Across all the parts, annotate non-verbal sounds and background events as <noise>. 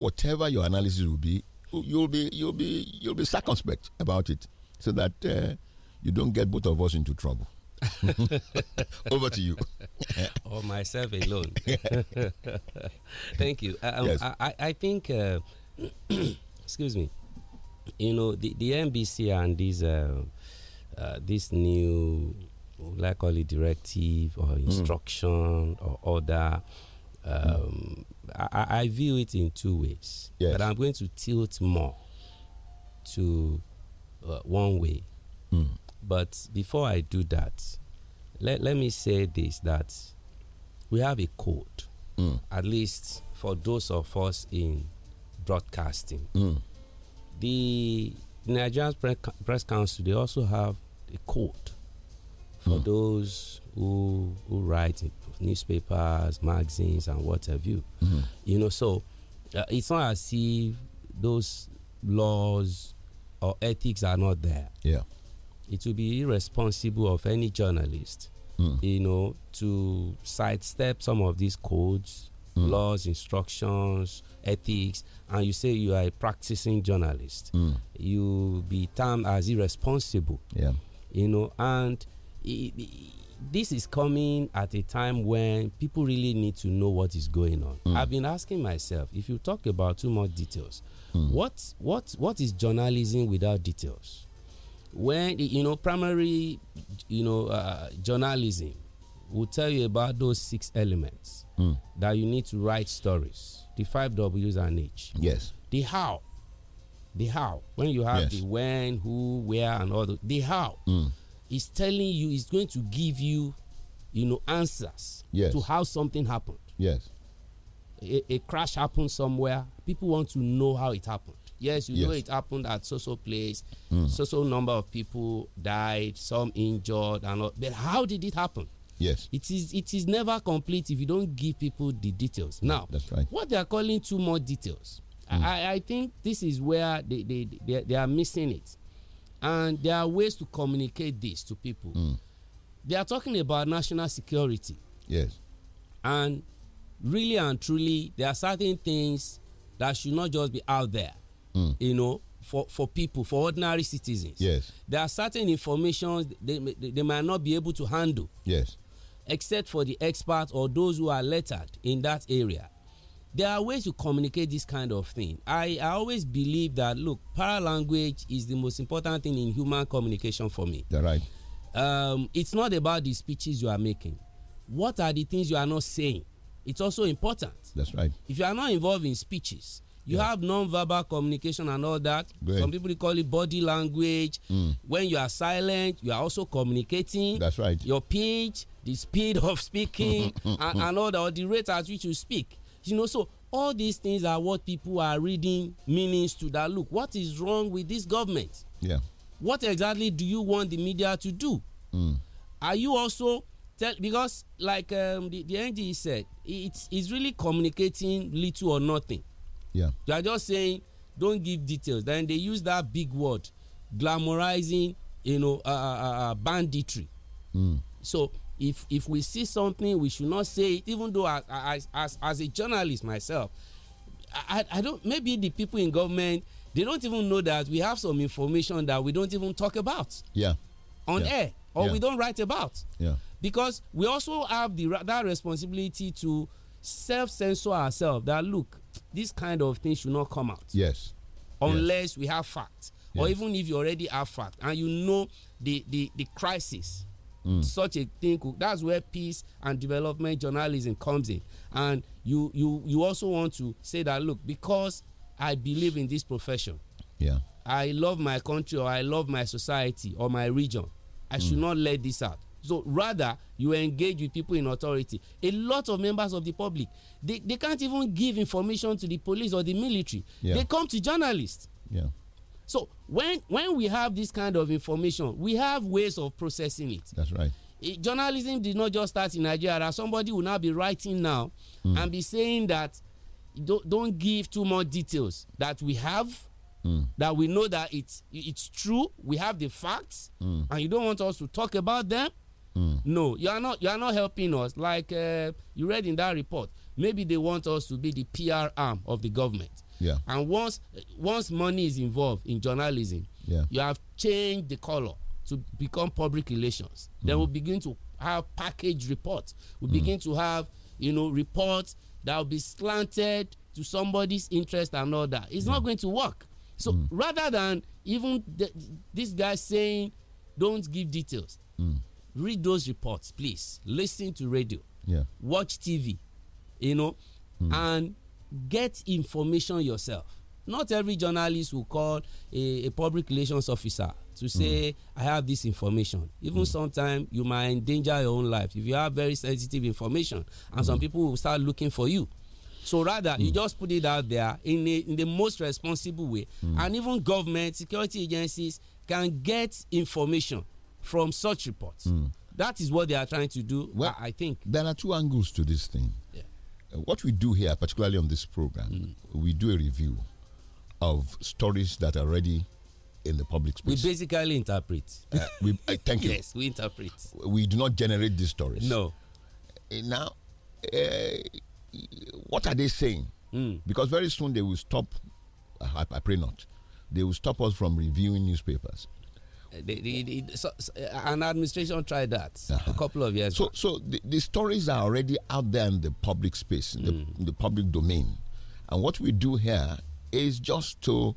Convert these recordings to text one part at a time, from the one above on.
whatever your analysis will be, you'll be you'll be you'll be circumspect about it, so that uh, you don't get both of us into trouble. <laughs> Over to you. <laughs> or myself alone. <laughs> Thank you. Uh, um, yes. I, I think, uh, <clears throat> excuse me, you know, the, the NBC and these, uh, uh, this new, like call it directive or hmm. instruction mm. or order, um, mm. I, I view it in two ways. Yes. But I'm going to tilt more to uh, one way. Mm. But before I do that, let, let me say this that we have a code, mm. at least for those of us in broadcasting. Mm. The Nigerian Press Council, they also have a code for mm. those who, who write in newspapers, magazines, and what have you. Mm. You know, so uh, it's not as if those laws or ethics are not there. Yeah, it would be irresponsible of any journalist, mm. you know, to sidestep some of these codes, mm. laws, instructions, ethics, and you say you are a practicing journalist. Mm. You be termed as irresponsible. Yeah, you know, and this is coming at a time when people really need to know what is going on. Mm. I've been asking myself if you talk about too much details, mm. what what what is journalism without details? When you know primary, you know uh, journalism will tell you about those six elements mm. that you need to write stories. The five W's and H. Yes. The how, the how. When you have yes. the when, who, where, and all the, the how. Hmm is telling you is going to give you you know answers yes. to how something happened yes a, a, crash happened somewhere people want to know how it happened yes you yes. know it happened at so so place mm. so so number of people died some injured and all, but how did it happen yes it is it is never complete if you don't give people the details now that's right what they are calling two more details mm. I, I think this is where they, they they they are missing it and there are ways to communicate this to people. Mm. They are talking about national security. Yes. And really and truly, there are certain things that should not just be out there, mm. you know, for, for people, for ordinary citizens. Yes. There are certain information they, they, they might not be able to handle. Yes. Except for the experts or those who are lettered in that area there are ways to communicate this kind of thing. I, I always believe that look, paralanguage is the most important thing in human communication for me. That's right. Um, it's not about the speeches you are making. What are the things you are not saying? It's also important. That's right. If you are not involved in speeches, you yeah. have non-verbal communication and all that. Great. Some people call it body language. Mm. When you are silent, you are also communicating. That's right. Your pitch, the speed of speaking, <laughs> and, and all the, or the rate at which you speak you know so all these things are what people are reading meanings to that look what is wrong with this government yeah what exactly do you want the media to do mm. are you also tell because like um, the, the NGE said it's it's really communicating little or nothing yeah you are just saying don't give details then they use that big word glamorizing you know uh, uh, uh, banditry mm. so if if we see something we should not say it even though as as as, as a journalist myself I, I don't maybe the people in government they don't even know that we have some information that we don't even talk about yeah on yeah. air or yeah. we don't write about yeah because we also have the that responsibility to self-censor ourselves that look this kind of thing should not come out yes unless yes. we have facts yes. or even if you already have facts and you know the the the crisis Mm. Such a thing could, that's where peace and development journalism comes in. And you you you also want to say that look, because I believe in this profession. Yeah. I love my country or I love my society or my region. I mm. should not let this out. So rather, you engage with people in authority. A lot of members of the public, they, they can't even give information to the police or the military. Yeah. They come to journalists. Yeah. So when when we have this kind of information, we have ways of processing it. That's right. It, journalism did not just start in Nigeria. Somebody will now be writing now mm. and be saying that don't, don't give too much details that we have. Mm. That we know that it's it's true. We have the facts, mm. and you don't want us to talk about them. Hmm. No, you are not. You are not helping us. Like uh, you read in that report, maybe they want us to be the PR arm of the government yeah. And once once money is involved in journalism, yeah. you have changed the color to become public relations. Mm. Then we we'll begin to have package reports. We mm. begin to have you know reports that will be slanted to somebody's interest and all that. It's yeah. not going to work. So mm. rather than even the, this guy saying, "Don't give details," mm. read those reports, please. Listen to radio. Yeah. Watch TV. You know, mm. and get information yourself not every journalist will call a, a public relations officer to mm. say mm. i have this information even mm. sometimes you might endanger your own life if you have very sensitive information and mm. some people will start looking for you so rather you mm. just put it out there in, a, in the most responsible way mm. and even government security agencies can get information from such reports that is what they are trying to do well, I think there are two angles to this thing what we do here, particularly on this program, mm. we do a review of stories that are ready in the public space. We basically interpret. Uh, we uh, thank you. <laughs> Yes, we interpret. We do not generate these stories. No. Uh, now, uh, what are they saying? Mm. Because very soon they will stop. I, I pray not. They will stop us from reviewing newspapers so, uh, an administration tried that uh -huh. a uh-huh. couple of years. So, so the, the, stories are already out there in the public space, in the, mm. in the public domain, and what we do here is just to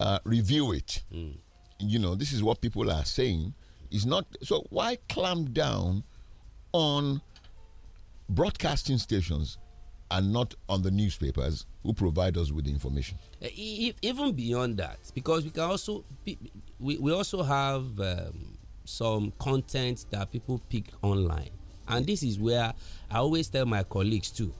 uh, review it. Mm. You know, this is what people are saying. Is not so. Why clamp down on broadcasting stations and not on the newspapers who provide us with the information? Uh, even beyond that, because we can also we, we also have um, some content that people pick online and this is where i always tell my colleagues too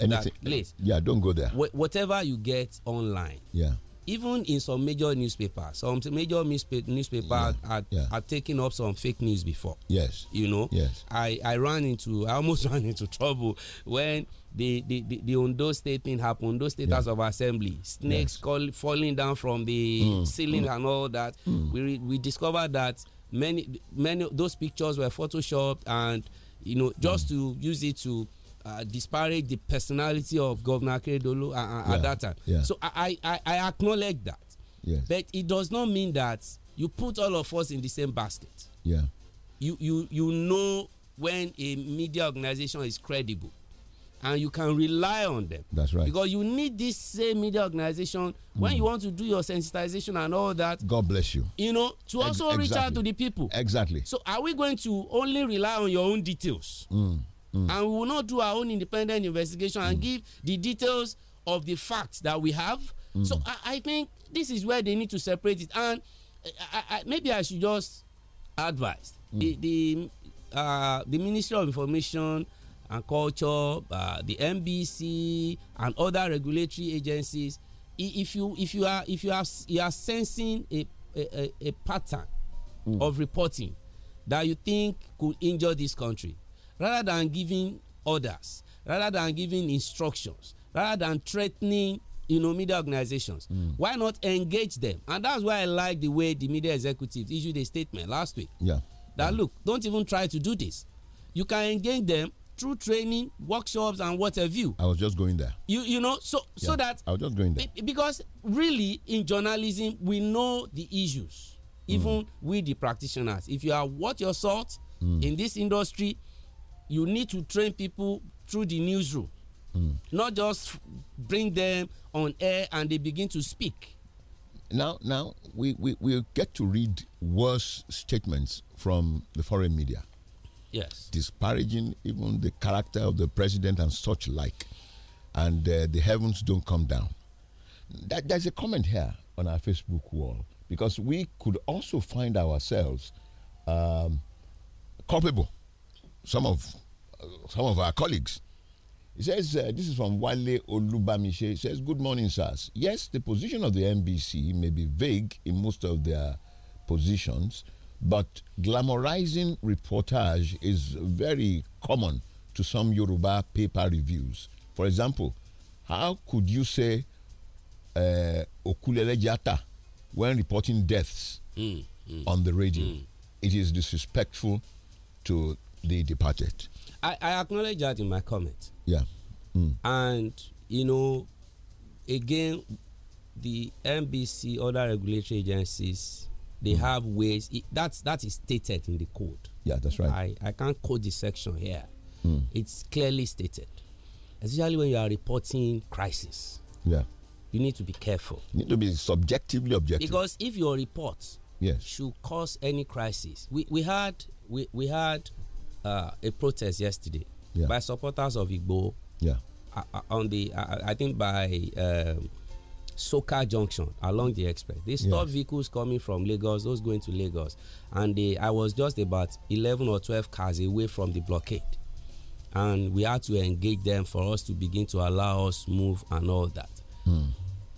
anything please yeah don't go there wh whatever you get online yeah even in some major newspapers some major newspaper newspaper yeah, are, yeah. are taking up some fake news before yes you know yes i i ran into i almost <laughs> ran into trouble when the the the, Ondo State thing happened. Ondo State yeah. of Assembly, snakes yes. call, falling down from the mm. mm. ceiling mm. and all that. Mm. We we discovered that many many those pictures were photoshopped and you know just mm. to use it to uh, disparage the personality of Governor Akeredolu uh, uh, yeah. at that time. Yeah. So I, I I acknowledge that. Yes. But it does not mean that you put all of us in the same basket. Yeah. You you you know when a media organization is credible and you can rely on them. That's right. Because you need this same media organization when mm. you want to do your sensitization and all that. God bless you. You know, to Ex also exactly. reach out to the people. Exactly. So are we going to only rely on your own details? Mm. Mm. And we will not do our own independent investigation and mm. give the details of the facts that we have. Mm. So I, I, think this is where they need to separate it. And I, I, maybe I should just advise mm. the the, uh, the Ministry of Information and Culture, uh, the NBC and other regulatory agencies. If you if you are if you are you are sensing a a, a pattern mm. of reporting that you think could injure this country, rather than giving orders, rather than giving instructions, rather than threatening you know media organizations mm. why not engage them and that's why i like the way the media executives issued a statement last week yeah that yeah. look don't even try to do this you can engage them through training, workshops, and what have you. I was just going there. You you know so yeah, so that I was just going there because really in journalism we know the issues mm. even mm. we the practitioners. If you are what your sort mm. in this industry, you need to train people through the newsroom, mm. not just bring them on air and they begin to speak. Now now we we we get to read worse statements from the foreign media yes, disparaging even the character of the president and such like, and uh, the heavens don't come down. That, there's a comment here on our Facebook wall because we could also find ourselves um, culpable. Some of uh, some of our colleagues. He says, uh, this is from Wale Olubamiche. He says, good morning, sirs. Yes, the position of the NBC may be vague in most of their positions, but glamorizing reportage is very common to some Yoruba paper reviews. For example, how could you say uh, Okulele Jata when reporting deaths mm, mm, on the radio? Mm. It is disrespectful to the departed. I, I acknowledge that in my comment. Yeah. Mm. And, you know, again, the NBC, other regulatory agencies, they hmm. have ways it, that's that is stated in the code yeah that's right i, I can't quote the section here mm. it's clearly stated especially when you are reporting crisis yeah you need to be careful you need to be subjectively objective because if your report yes should cause any crisis we we had we, we had uh, a protest yesterday yeah. by supporters of igbo yeah uh, uh on the uh, i think by um, Soka Junction along the express. They stopped vehicles coming from Lagos, those going to Lagos, and they, I was just about 11 or 12 cars away from the blockade, and we had to engage them for us to begin to allow us move and all that. Hmm.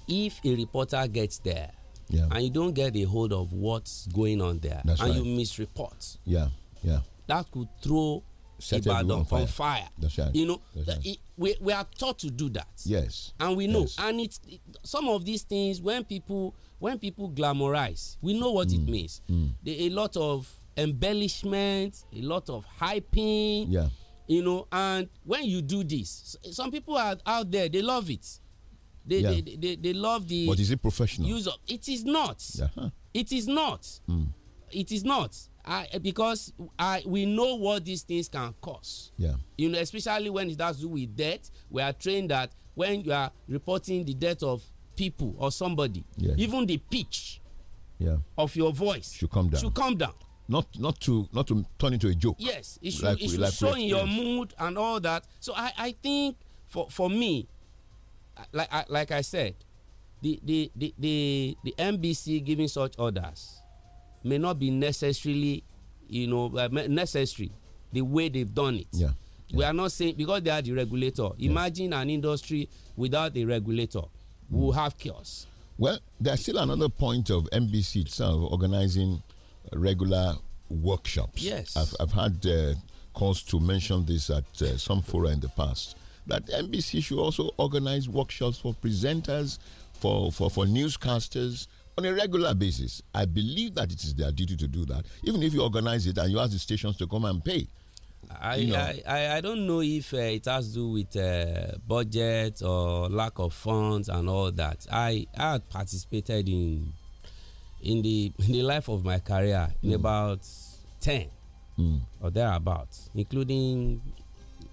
If a reporter gets there yeah. and you don't get a hold of what's going on there, That's and right. you misreport, yeah, yeah, that could throw Ibadan on fire. Right. You know, right. we, we are taught to do that. Yes. And we know. Yes. And it's it, some of these things when people when people glamorize, we know what mm. it means. Mm. a lot of embellishment, a lot of hyping. Yeah. You know, and when you do this, some people are out there, they love it. They, yeah. they, they, they love the. But is it professional? Use of, it is not. Yeah. Huh. It is not. Mm. It is not I, because I, we know what these things can cause. Yeah. You know, especially when it has to do with death. we are trained that when you are reporting the death of people or somebody, yeah. even the pitch yeah. of your voice should come down. Should come down. Not not to not to turn into a joke. Yes, it should, like, it should like show in your mood and all that. So I, I think for for me, like I, like I said, the the the the, the NBC giving such orders may not be necessarily you know uh, necessary the way they've done it yeah, yeah. we are not saying because they are the regulator imagine an industry without a regulator mm. we'll have chaos well there's still another point of nbc itself organizing regular workshops yes i've, I've had uh, calls to mention this at uh, some fora in the past that nbc should also organize workshops for presenters for, for, for newscasters on a regular basis. I believe that it is their duty to do that, even if you organize it and you ask the stations to come and pay. I, you know. I, I, I, don't know if uh, it has to do with uh, budget or lack of funds and all that. I, I had participated in in the in the life of my career in mm. about ten mm. or thereabouts, including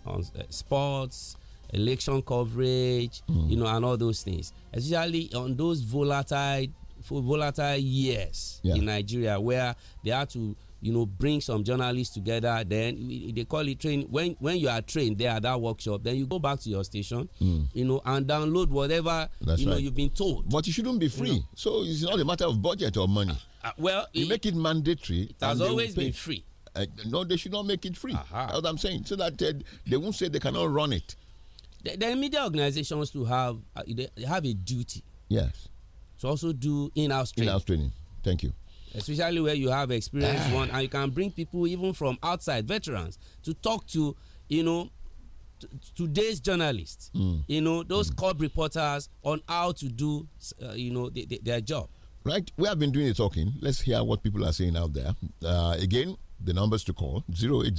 on uh, sports, election coverage, mm. you know, and all those things. Especially on those volatile for volatile years yeah. in Nigeria where they had to you know bring some journalists together then they call it train when when you are trained there at that workshop then you go back to your station mm. you know and download whatever That's you know right. you've been told but you shouldn't be free you know? so it's not a matter of budget or money uh, well you it, make it mandatory it has always been free uh, no they should not make it free -huh. that's what i'm saying so that uh, they won't say they cannot run it the, the media organizations to have uh, they have a duty yes to also do in-house training. In-house training. Thank you. Especially where you have experienced ah. one and you can bring people even from outside, veterans, to talk to, you know, today's journalists, mm. you know, those mm. cub reporters on how to do, uh, you know, their job. Right. We have been doing the talking. Let's hear what people are saying out there. Uh, again, the numbers to call 80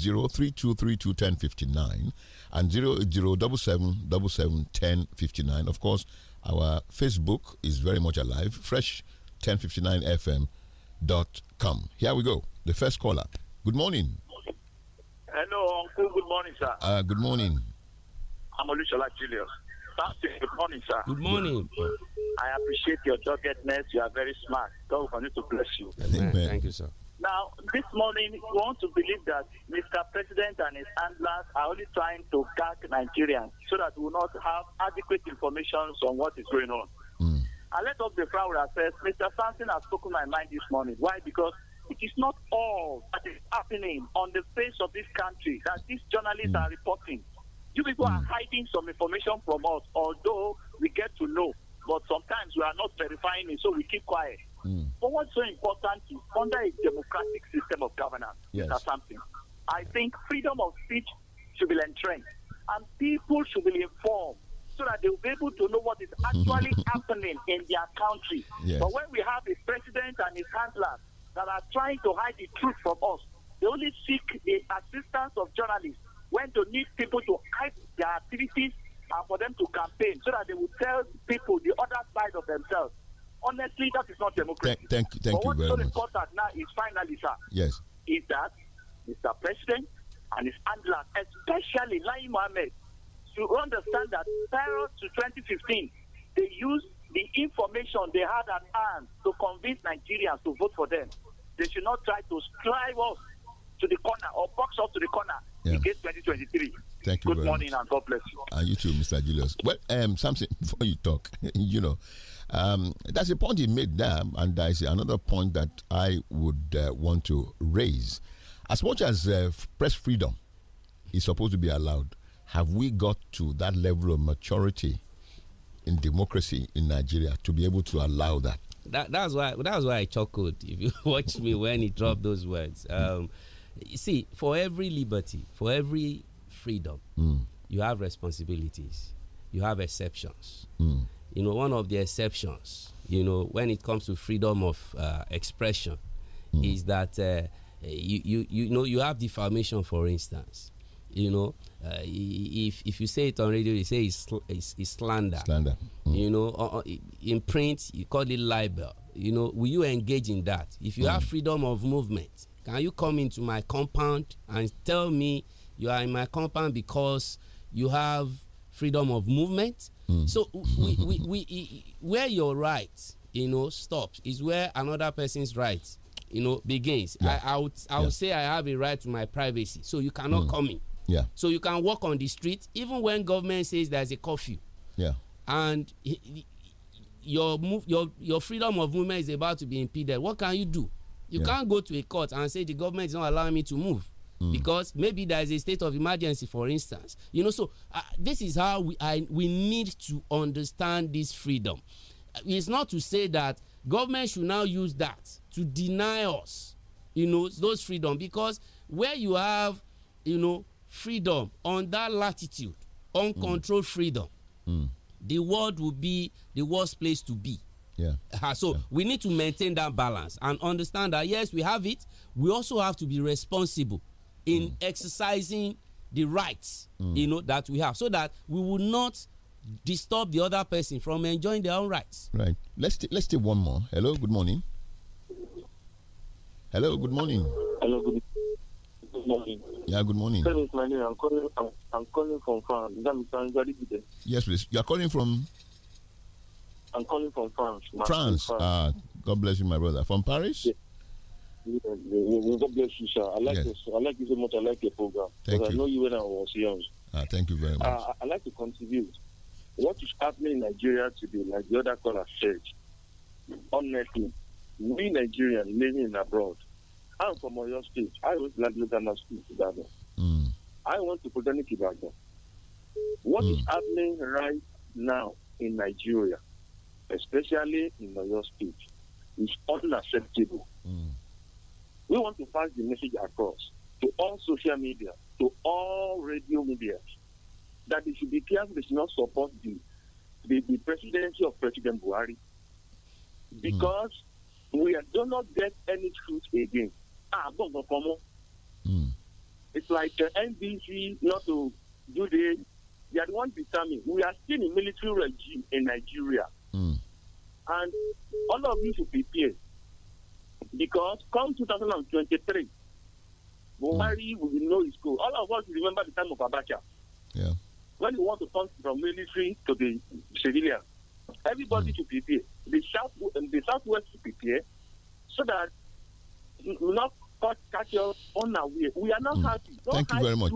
and 80 Of course, our Facebook is very much alive. Fresh 1059fm.com. Here we go. The first caller. Good morning. Hello, Uncle. Good morning, sir. Uh, good morning. I'm Olushola Julius. Good morning, sir. Good morning. I appreciate your doggedness. You are very smart. God will continue to bless you. Amen. Amen. Thank you, sir. Now, this morning, we want to believe that Mr. President and his handlers are only trying to gag Nigerians so that we will not have adequate information on what is going on. I hmm. let off the flower says, Mr. Sampson has spoken my mind this morning. Why? Because it is not all that is happening on the face of this country that these journalists mm. are reporting. You people mm. are hmm. hiding some information from us, although we get to know, but sometimes we are not verifying it, so we keep quiet. Mm. But what's so important is under a democratic system of governance, yes. Mr. Sampson, I think freedom of speech should be entrenched and people should be informed so that they'll be able to know what is actually <laughs> happening in their country. Yes. But when we have a president and his handlers that are trying to hide the truth from us, they only seek the assistance of journalists when they need people to hide their activities and for them to campaign so that they will tell people the other side of themselves honestly, that is not democracy. Th thank you, thank but you very much. What's so important now is finally, sir. Yes. Is that Mr. President and his handlers, especially Lai Mohammed, to understand that prior to 2015, they used the information they had at hand to convince Nigerians to vote for them. They should not try to strive us to the corner or box us to the corner yeah. against 2023. Thank you. Good morning much. and God bless you. And you too, Mr. Julius. Well, um, something <laughs> before you talk, <laughs> you know. Um, that's a point he made there, and there is another point that I would uh, want to raise. As much as uh, press freedom is supposed to be allowed, have we got to that level of maturity in democracy in Nigeria to be able to allow that? That that's why that's why I chuckled. If you <laughs> watch me when he dropped those words, um, you see, for every liberty, for every freedom, mm. you have responsibilities, you have exceptions. Mm you know, one of the exceptions, you know, when it comes to freedom of uh, expression, mm. is that uh, you, you you know you have defamation, for instance, you know, uh, if if you say it on radio, you say it's, it's, it's slander. Slander. Mm. You know, uh, uh, in print, you call it libel. You know, will you engage in that? If you mm. have hmm. freedom of movement, can you come into my compound and tell me you are in my compound because you have freedom of movement? Mm. So we, we, we, where your right, you know, stops is where another person's right, you know, begins. Yeah. I, I would, I would yeah. say I have a right to my privacy, so you cannot mm. come in. Yeah. So you can walk on the street even when government says there's a curfew. Yeah. And your move, your your freedom of movement is about to be impeded. What can you do? You yeah. can't go to a court and say the government is not allowing me to move. Mm. because maybe there is a state of emergency for instance you know so uh, this is how we I, we need to understand this freedom uh, it's not to say that government should now use that to deny us you know those freedom because where you have you know freedom on that latitude uncontrolled mm. freedom mm. the world will be the worst place to be yeah. Uh-huh, so yeah. we need to maintain that balance and understand that yes, we have it. We also have to be responsible in mm. exercising the rights mm. you know that we have so that we will not disturb the other person from enjoying their own rights right let's let's take one more hello good morning hello good morning hello good, morning yeah good morning my name. i'm calling i'm, I'm calling from france yes please you are calling from i'm calling from france france, france. france. Uh, god bless you my brother from paris yes. God bless you, sir. I like yes. Your, I like you so much. I like your program. Thank you. I know you when I was young. Ah, thank you very uh, much. Uh, I like to contribute. What is happening in Nigeria today, like the other caller said, honestly, we Nigerians living abroad. I'm from Oyo State. I was like Ladana School together. Mm. I want to Botanic Ibadan. What mm. is happening right now in Nigeria, especially in Oyo State, is unacceptable. Mm. We want to pass the message across to all social media, to all radio media, that they should be careful, they should not support the, the, the presidency of President Buhari. Because mm. we do not get any truth again. Ah, but no common. Mm. It's like the uh, NBC not to do the they are the ones determining. We are still in military regime in Nigeria. Mm. And all of you should prepare. Because come 2023, Buhari mm. will know his goal. All of us remember the time of Abacha. Yeah. When you want to turn from military to the civilian, everybody mm. should prepare. The south, the southwest should prepare, so that not caught catch us way. We are not mm. happy. Don't Thank you very much.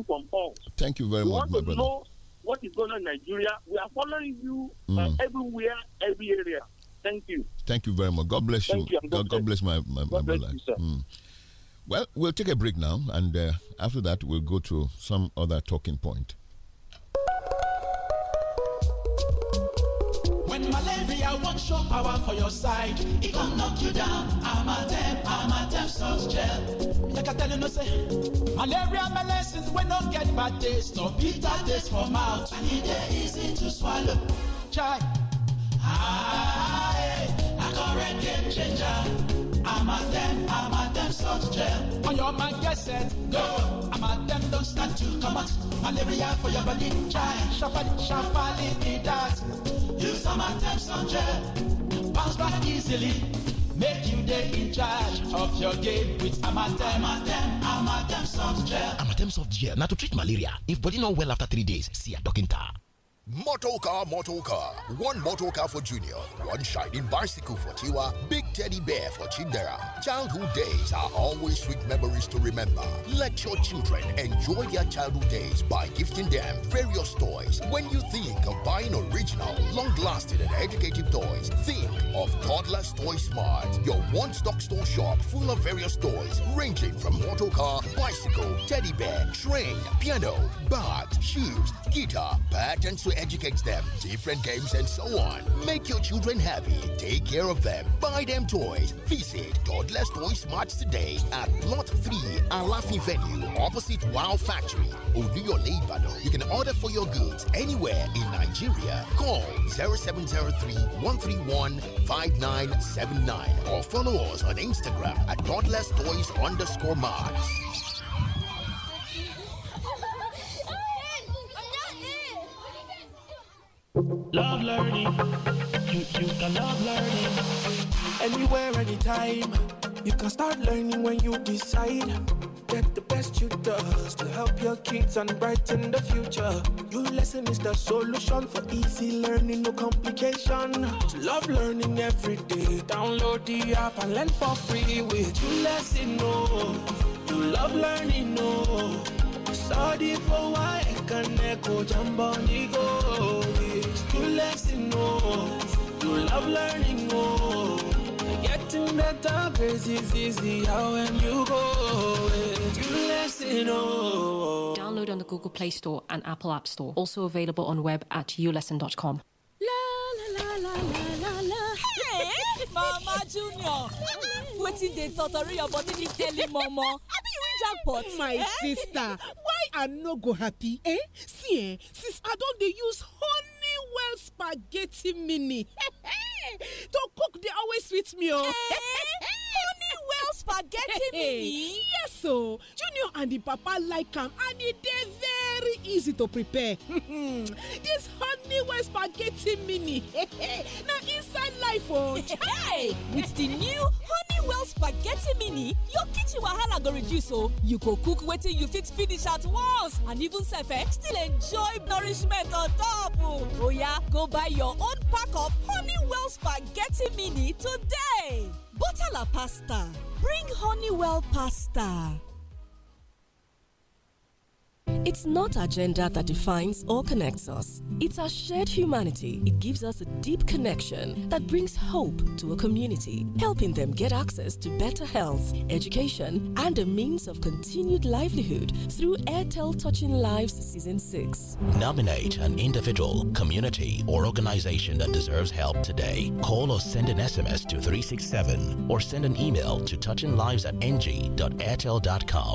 Thank you very we much, my brother. Know what is going on in Nigeria? We are following you mm. uh, hmm. everywhere, every area. Thank you. Thank you very much. God bless Thank you. you. God, God, bless my, my, God my brother. Mm. Well, we'll take a break now, and uh, after that, we'll go to some other talking point. When malaria wants your power for your side, it can knock you down. I'm i a Amatem, Amatem salt gel. Like I tell you, no say, malaria medicines we don't get bad taste, no bitter taste for mouth, I need it easy to swallow. Try. I, am at them, I'm at them, salt On your mind, get set, go. I'm at them, don't start to come out. Malaria for your body, try. Sharply, sharply, need that. Use some at them, salt Bounce back easily. Make you day in charge of your game with Amatem. Amatem, Amatem soft gel. Amatem soft gel. Now to treat malaria. If body not well after three days, see a doctor. Motor car, motor car. One motor car for Junior, one shining bicycle for Tiwa, big teddy bear for Chindera. Childhood days are always sweet memories to remember. Let your children enjoy their childhood days by gifting them various toys. When you think of buying original, long lasting, and educative toys, think of Toddler's Toy Smart, your one stop store shop full of various toys ranging from motor car, bicycle, teddy bear, train, piano, bags, shoes, guitar, pet, and so educates them, different games, and so on. Make your children happy. Take care of them. Buy them toys. Visit Godless Toys Smarts today at Plot 3 Alafi Venue opposite Wow Factory, Oluyole Ibadan. You can order for your goods anywhere in Nigeria. Call 0703 131 5979 or follow us on Instagram at Godless Toys underscore Marks. Love learning. You, you can love learning. Anywhere, anytime. You can start learning when you decide. Get the best you does to help your kids and brighten the future. Your lesson is the solution for easy learning, no complication. To love learning every day. Download the app and learn for free with your lesson. Oh, you love learning. Oh, study for why I can echo jump on the go. You love learning Getting better, is when you go, you oh. Download on the Google Play Store and Apple App Store. Also available on web at ulesson.com. La la la la la la. Mama Junior. they dey totori your body dis daily Mama. you jackpot. my eh? sister why i no go happy eh? see eh, since i don't they use honey well spaghetti mini. <laughs> to cook, they always sweet me. Oh. Honeywell eh? <laughs> spaghetti <laughs> mini. Yes, so oh. Junior and the papa like them, and it they very easy to prepare. this Honeywell spaghetti mini. now inside life, oh. Hey, with the new well spaghetti mini your kitchen wahala go reduce o oh. you go cook wetin you fit finish at once and even sef eh, still enjoy nourishment on top Oh yeah, go buy your own pack of Honeywell spaghetti mini today butala pasta bring Honeywell pasta It's not our gender that defines or connects us. It's our shared humanity. It gives us a deep connection that brings hope to a community, helping them get access to better health, education, and a means of continued livelihood through Airtel Touching Lives Season 6. Nominate an individual, community, or organization that deserves help today. Call or send an SMS to 367 or send an email to touchinglives at ng.airtel.com.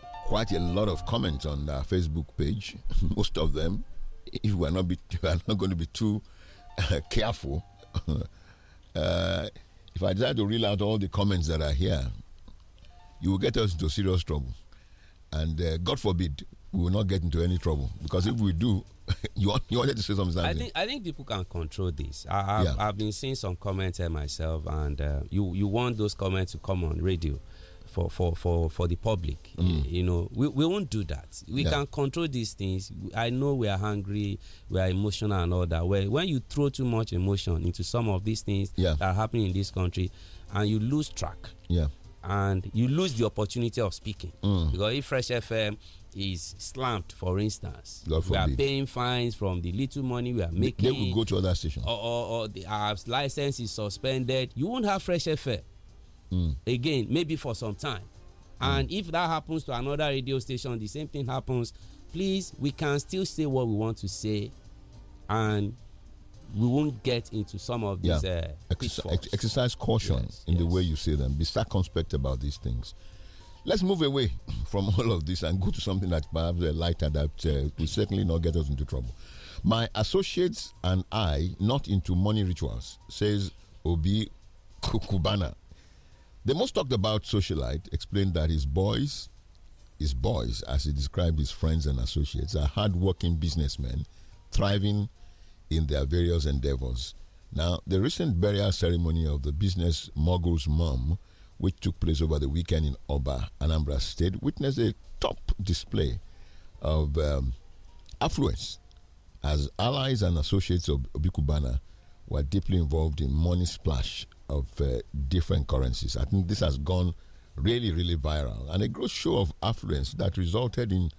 quite a lot of comments on our Facebook page. <laughs> Most of them, if we are not, <laughs> we not going to be too uh, careful, <laughs> uh, if I try to reel out all the comments that are here, you will get us into serious trouble. And uh, God forbid, we will not get into any trouble because if we do, you you wanted to say something. I think I think people can control this. I, have yeah. I've been seeing some comments here myself, and uh, you you want those comments to come on radio for for for for the public mm. you know we, we won't do that we yeah. can control these things i know we are hungry we are emotional and all that where when you throw too much emotion into some of these things yeah. that are happening in this country and you lose track yeah and you lose the opportunity of speaking mm. because if fresh fm is slammed, for instance. God we are paying fines from the little money we are making. They will go to other stations. Or, or, or the, our license is suspended. You won't have fresh FM mm. again, maybe for some time. Mm. And if that happens to another radio station, the same thing happens. Please, we can still say what we want to say, and we won't get into some of these. Yeah. Uh, ex exercise caution yes, in yes. the way you say them. Be circumspect about these things. Let's move away <laughs> from all of this and go to something that perhaps lighter that uh, will certainly not get us into trouble. My associates and I, not into money rituals, says Obi Kukubana. The most talked about socialite explained that his boys, his boys, as he described his friends and associates, are hardworking businessmen thriving in their various endeavors. Now, the recent burial ceremony of the business mogul's mom, which took place over the weekend in Oba, Anambra State, witnessed a top display of um, affluence as allies and associates of Obikubana were deeply involved in money splash of uh, different currencies. I think this has gone really, really viral and a gross show of affluence that resulted in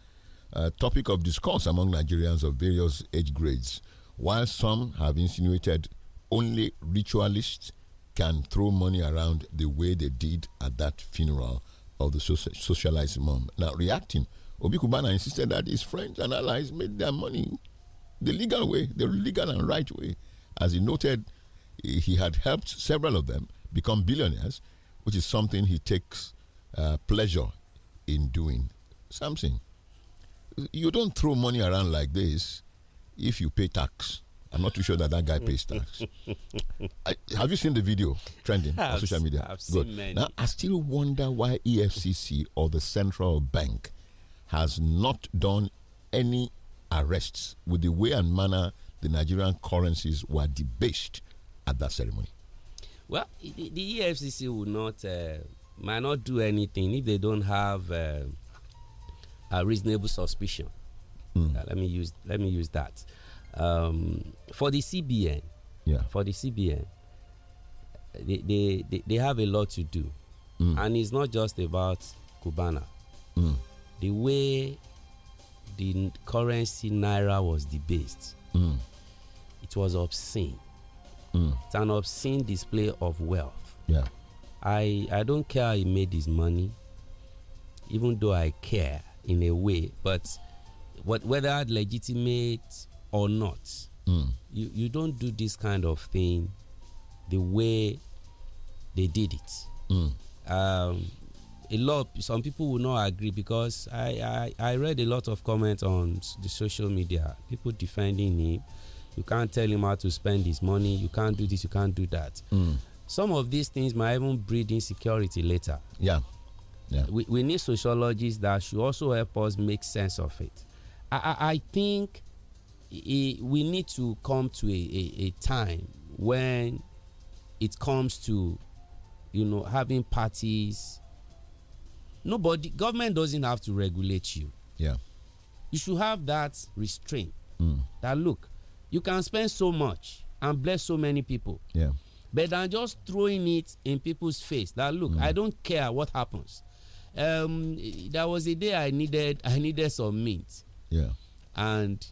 a uh, topic of discourse among Nigerians of various age grades. While some have insinuated only ritualists can throw money around the way they did at that funeral of the socialized mom. Now, reacting, Obi Kubana insisted that his friends and allies made their money the legal way, the legal and right way. As he noted, he had helped several of them become billionaires, which is something he takes uh, pleasure in doing. Something you don't throw money around like this if you pay tax. I'm not too sure that that guy pays tax. <laughs> I, have you seen the video trending I've on social media? I've Good. seen many. Now I still wonder why EFCC or the central bank has not done any arrests with the way and manner the Nigerian currencies were debased at that ceremony? Well, the, the EFCC will not uh, might not do anything if they don't have uh, a reasonable suspicion. Mm. Uh, let me use let me use that um, for the CBN. Yeah. For the CBN, they they, they, they have a lot to do, mm. and it's not just about Cubana. Mm. The way the currency naira was debased, hmm. it was obscene. Mm. It's an obscene display of wealth. Yeah. I I don't care how he made his money, even though I care in a way, but what whether legitimate or not, mm. you, you don't do this kind of thing the way they did it. Mm. Um, a lot some people will not agree because I, I, I read a lot of comments on the social media people defending him you can't tell him how to spend his money. You can't do this. You can't do that. Mm. Some of these things might even breed insecurity later. Yeah. Yeah. We, we need sociologists that should also help us make sense of it. I, I, I think we need to come to a, a, a time when it comes to, you know, having parties. Nobody, government doesn't have to regulate you. Yeah. You should have that restraint. Mm. That look, you can spend so much and bless so many people. Yeah. But than just throwing it in people's face that look, mm. I don't care what happens. Um, there was a day I needed I needed some meat. Yeah. And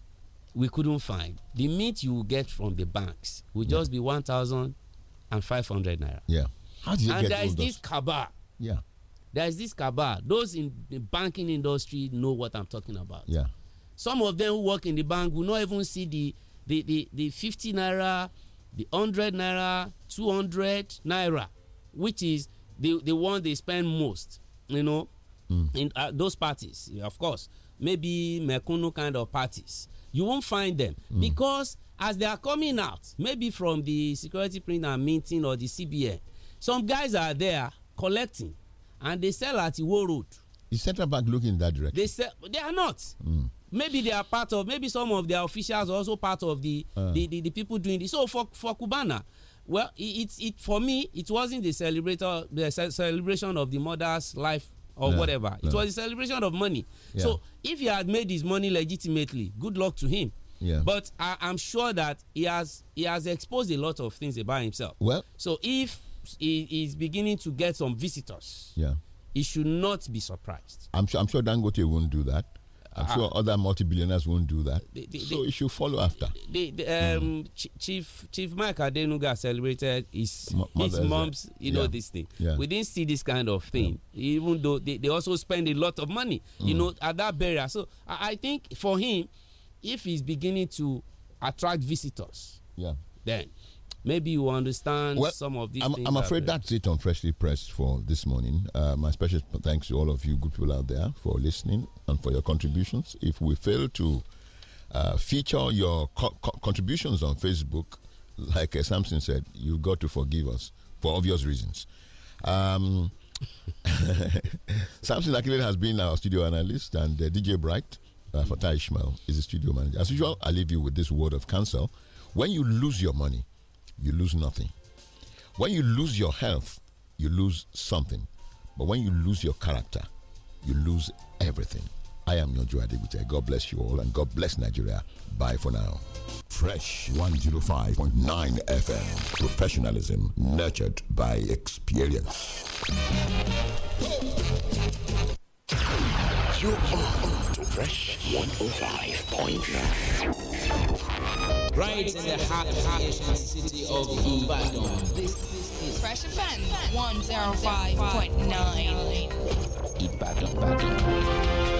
we couldn't find the meat you get from the banks will yeah. just be one thousand and five hundred naira. Yeah. How do you and get there is this cabal. Yeah. There is this cabal. Those in the banking industry know what I'm talking about. Yeah. Some of them who work in the bank will not even see the the the the 50 naira the 100 naira 200 naira which is the the one they spend most you know mm. in uh, those parties of course maybe mekunu kind of parties you won't find them mm. because as they are coming out maybe from the security print and minting or the cbn some guys are there collecting and they sell at iwo road. The central bank looking in that direction. they sell they are not. Mm maybe they are part of maybe some of their officials are also part of the, uh. the, the, the people doing this so for for cubana well it's it, for me it wasn't the celebrator the celebration of the mother's life or whatever it was a celebration of money yeah. so if he had made his money legitimately good luck to him yeah. but I, am sure that he has he has exposed a lot of things about himself well so if he is beginning to get some visitors yeah he should not be surprised i'm sure i'm sure dangote won't do that I'm uh, sure other multi-billionaires won't do that. so it should follow after. the um, mm. Chief Chief Mike Adenuga celebrated his M his mom's, you know, this thing. Yeah. We didn't see this kind of thing, yeah. even though they, they also spend a lot of money, mm. you know, at that barrier. So I, I, think for him, if he's beginning to attract visitors, yeah, then maybe you understand well, some of these I'm, I'm afraid that's it on Freshly Pressed for this morning. Uh, my special thanks to all of you good people out there for listening and for your contributions. If we fail to uh, feature your co co contributions on Facebook, like uh, Samson said, you've got to forgive us for obvious reasons. Um, <laughs> Samson Akilin has been our studio analyst, and uh, DJ Bright uh, Fatah Ishmael is the studio manager. As usual, I leave you with this word of counsel. When you lose your money, you lose nothing. When you lose your health, you lose something. But when you lose your character, you lose everything. I am Yonjo Adigute. God bless you all and God bless Nigeria. Bye for now. Fresh 105.9 FM. Professionalism nurtured by experience. You are Fresh 105.9. Right in the heart of the city of Ibadan. This is Fresh Offense 105.9. Ibadan. Ibadan.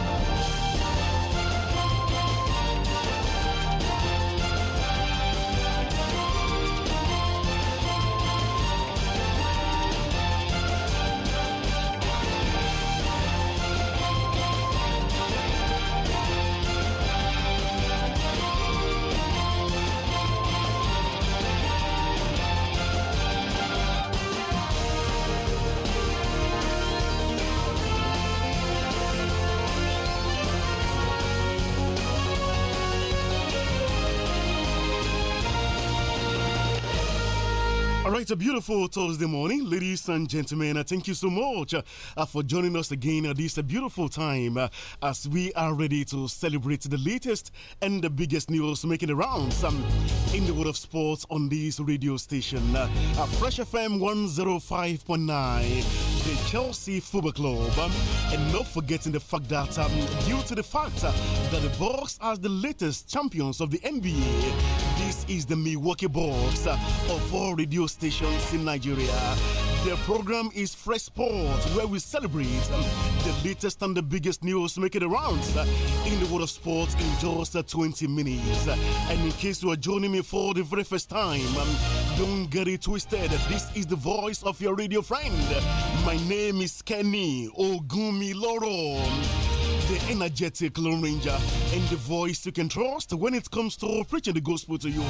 It's a beautiful Thursday morning, ladies and gentlemen. Uh, thank you so much uh, uh for joining us again at this uh, beautiful time uh, as we are ready to celebrate the latest and the biggest news making the rounds um, in the world of sports on this radio station. Uh, Fresh FM 105.9 the Chelsea Football Club. Um, and not forgetting the fact that, um, due to the fact uh, that the Bucks are the latest champions of the NBA, this is the Milwaukee Bucks of all radio stations in Nigeria. The program is Fresh Sports, where we celebrate the latest and the biggest news making the rounds in the world of sports in just 20 minutes. And in case you are joining me for the very first time, um, don't get it twisted. This is the voice of your radio friend. My name is Kenny Ogumiloro the energetic Lone Ranger and the voice you can trust when it comes to preaching the gospel to you.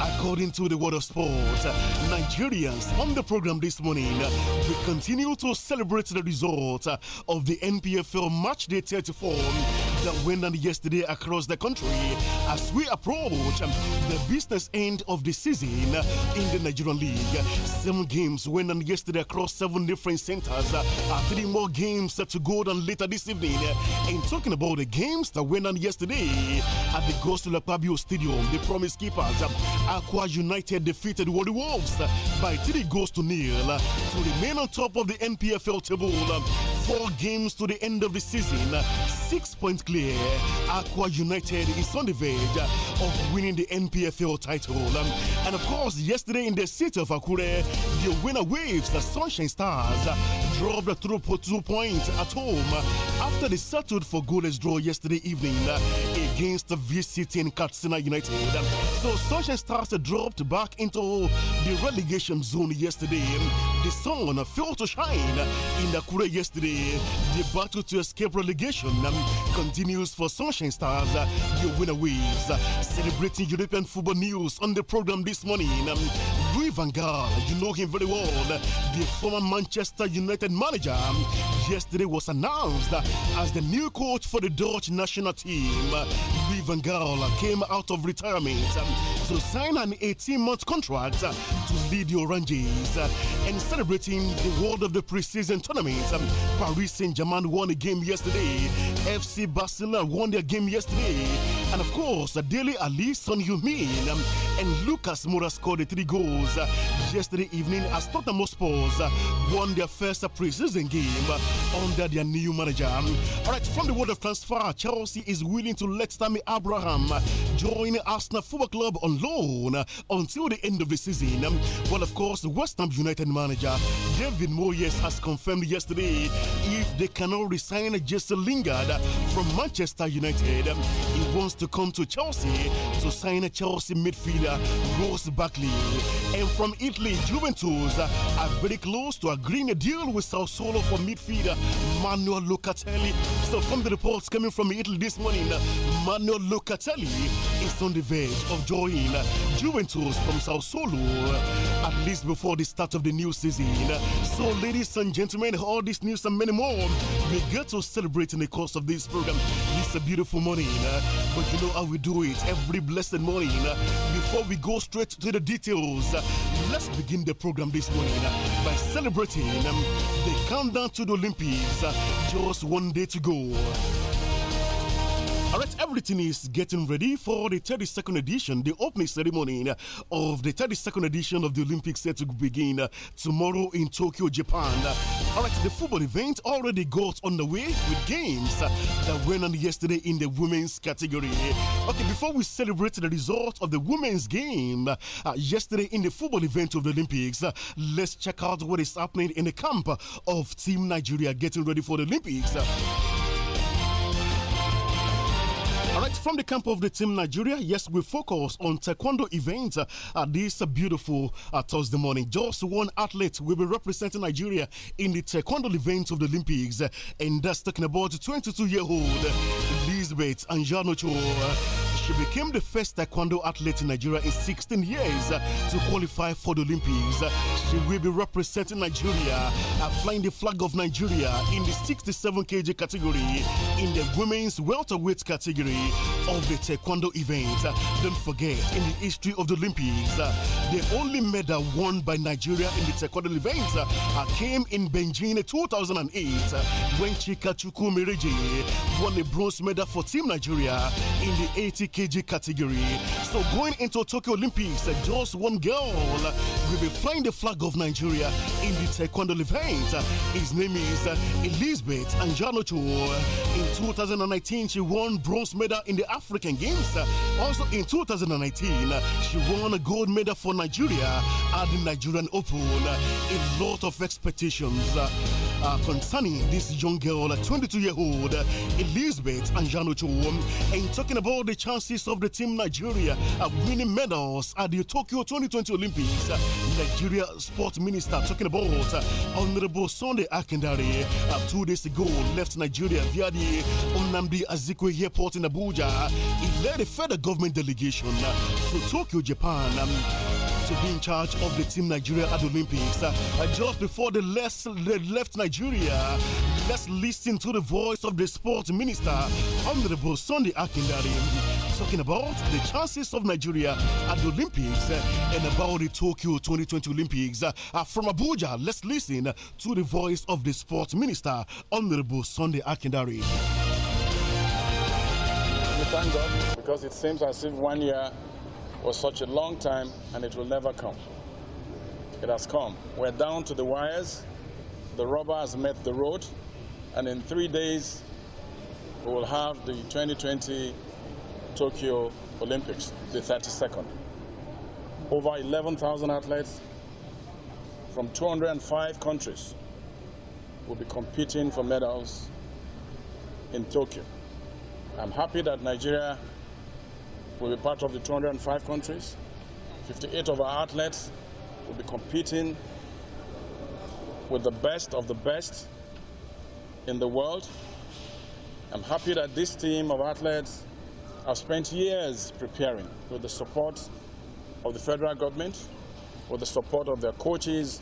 According to the word of sports Nigerians on the program this morning, we continue to celebrate the result of the NPFL Match Day 34 that went on yesterday across the country as we approach um, the business end of the season in the Nigerian League. Seven games went on yesterday across seven different centers. Uh, uh, three more games set to go on later this evening. And talking about the games that went on yesterday at the La Pabio Stadium, the Promise Keepers, um, Aqua United defeated Wadi Wolves by three goals to nil to remain on top of the NPFL table. Um, Four games to the end of the season, six points clear. Aqua United is on the verge of winning the NPFL title. And of course, yesterday in the city of Akure, the winner waves, the Sunshine Stars, dropped through two points at home after they settled for goalless draw yesterday evening against the visiting Katsina United. So Sunshine Stars dropped back into the relegation zone yesterday. The sun failed to shine in the Akure yesterday. The battle to escape relegation um, continues for Sunshine Stars. The winner waves. Celebrating European football news on the program this morning. Um, Louis Van Gaal, you know him very well, the former Manchester United manager, um, yesterday was announced as the new coach for the Dutch national team. Leave girl came out of retirement um, to sign an 18 month contract uh, to lead the Oranges uh, and celebrating the world of the preseason tournament. Um, Paris Saint Germain won a game yesterday, FC Barcelona won their game yesterday, and of course, Dele Ali, Son Yumin, um, and Lucas Moura scored the three goals. Uh, yesterday evening as Tottenham Spurs won their first pre-season game under their new manager. All right, from the world of transfer, Chelsea is willing to let Tammy Abraham join Arsenal Football Club on loan until the end of the season. Well, of course, West Ham United manager David Moyes has confirmed yesterday if they cannot resign Jesse Lingard from Manchester United, he wants to come to Chelsea to sign a Chelsea midfielder Rose Buckley. And from Italy, Recently, Juventus uh, are very close to agreeing a deal with Sao Solo for midfielder Manuel Locatelli. So, from the reports coming from Italy this morning, uh, Manuel Locatelli is on the verge of joining uh, Juventus from Sao Solo, at least before the start of the new season. So, ladies and gentlemen, all this news and many more, we get to celebrate in the course of this program. It's a beautiful morning, but you know how we do it every blessed morning. Before we go straight to the details, let's begin the program this morning uh, by celebrating um, the countdown to the Olympics. Uh, just one day to go everything is getting ready for the 32nd edition, the opening ceremony of the 32nd edition of the Olympics set to begin uh, tomorrow in Tokyo, Japan. All right, the football event already got underway with games uh, that went on yesterday in the women's category. Okay, before we celebrate the result of the women's game uh, yesterday in the football event of the Olympics, uh, let's check out what is happening in the camp of Team Nigeria getting ready for the Olympics. Right from the camp of the team Nigeria, yes, we focus on taekwondo events uh, at this uh, beautiful uh, Thursday morning. Just one athlete will be representing Nigeria in the taekwondo event of the Olympics, uh, and that's talking about 22 year old Elizabeth Anjanocho. Uh, she became the first taekwondo athlete in Nigeria in 16 years to qualify for the Olympics. She will be representing Nigeria, uh, flying the flag of Nigeria in the 67 kg category in the women's welterweight category of the taekwondo event. Don't forget, in the history of the Olympics, uh, the only medal won by Nigeria in the taekwondo event uh, came in Beijing in 2008 when Chika Chukwu won a bronze medal for Team Nigeria in the 80 kg category. So going into Tokyo Olympics, uh, just one girl will be flying the flag of Nigeria in the taekwondo event. His name is uh, Elizabeth Anjanocho. In 2019, she won bronze medal in the African Games. Uh, also in 2019, she won a gold medal for Nigeria at the Nigerian Open. A lot of expectations. Uh, concerning this young girl, 22 year old Elizabeth Anjanocho, um, and talking about the chance consists of the team Nigeria winning medals at the Tokyo 2020 Olympics. Nigeria Sports Minister talking about uh, Honorable Sunday Akindare uh, two days ago left Nigeria via the Onamdi Azikwe Airport in Abuja. He led a federal government delegation uh, to Tokyo, Japan. Um, to be in charge of the Team Nigeria at the Olympics. Uh, just before they left, they left Nigeria, let's listen to the voice of the sports minister, Honorable Sunday Akindari, talking about the chances of Nigeria at the Olympics uh, and about the Tokyo 2020 Olympics. Uh, from Abuja, let's listen to the voice of the sports minister, Honorable Sunday Akindari. thank God because it seems as if one year for such a long time and it will never come. It has come. We're down to the wires. The rubber has met the road. And in three days, we will have the 2020 Tokyo Olympics, the 32nd. Over 11,000 athletes from 205 countries will be competing for medals in Tokyo. I'm happy that Nigeria will be part of the 205 countries. 58 of our athletes will be competing with the best of the best in the world. I'm happy that this team of athletes have spent years preparing with the support of the federal government, with the support of their coaches,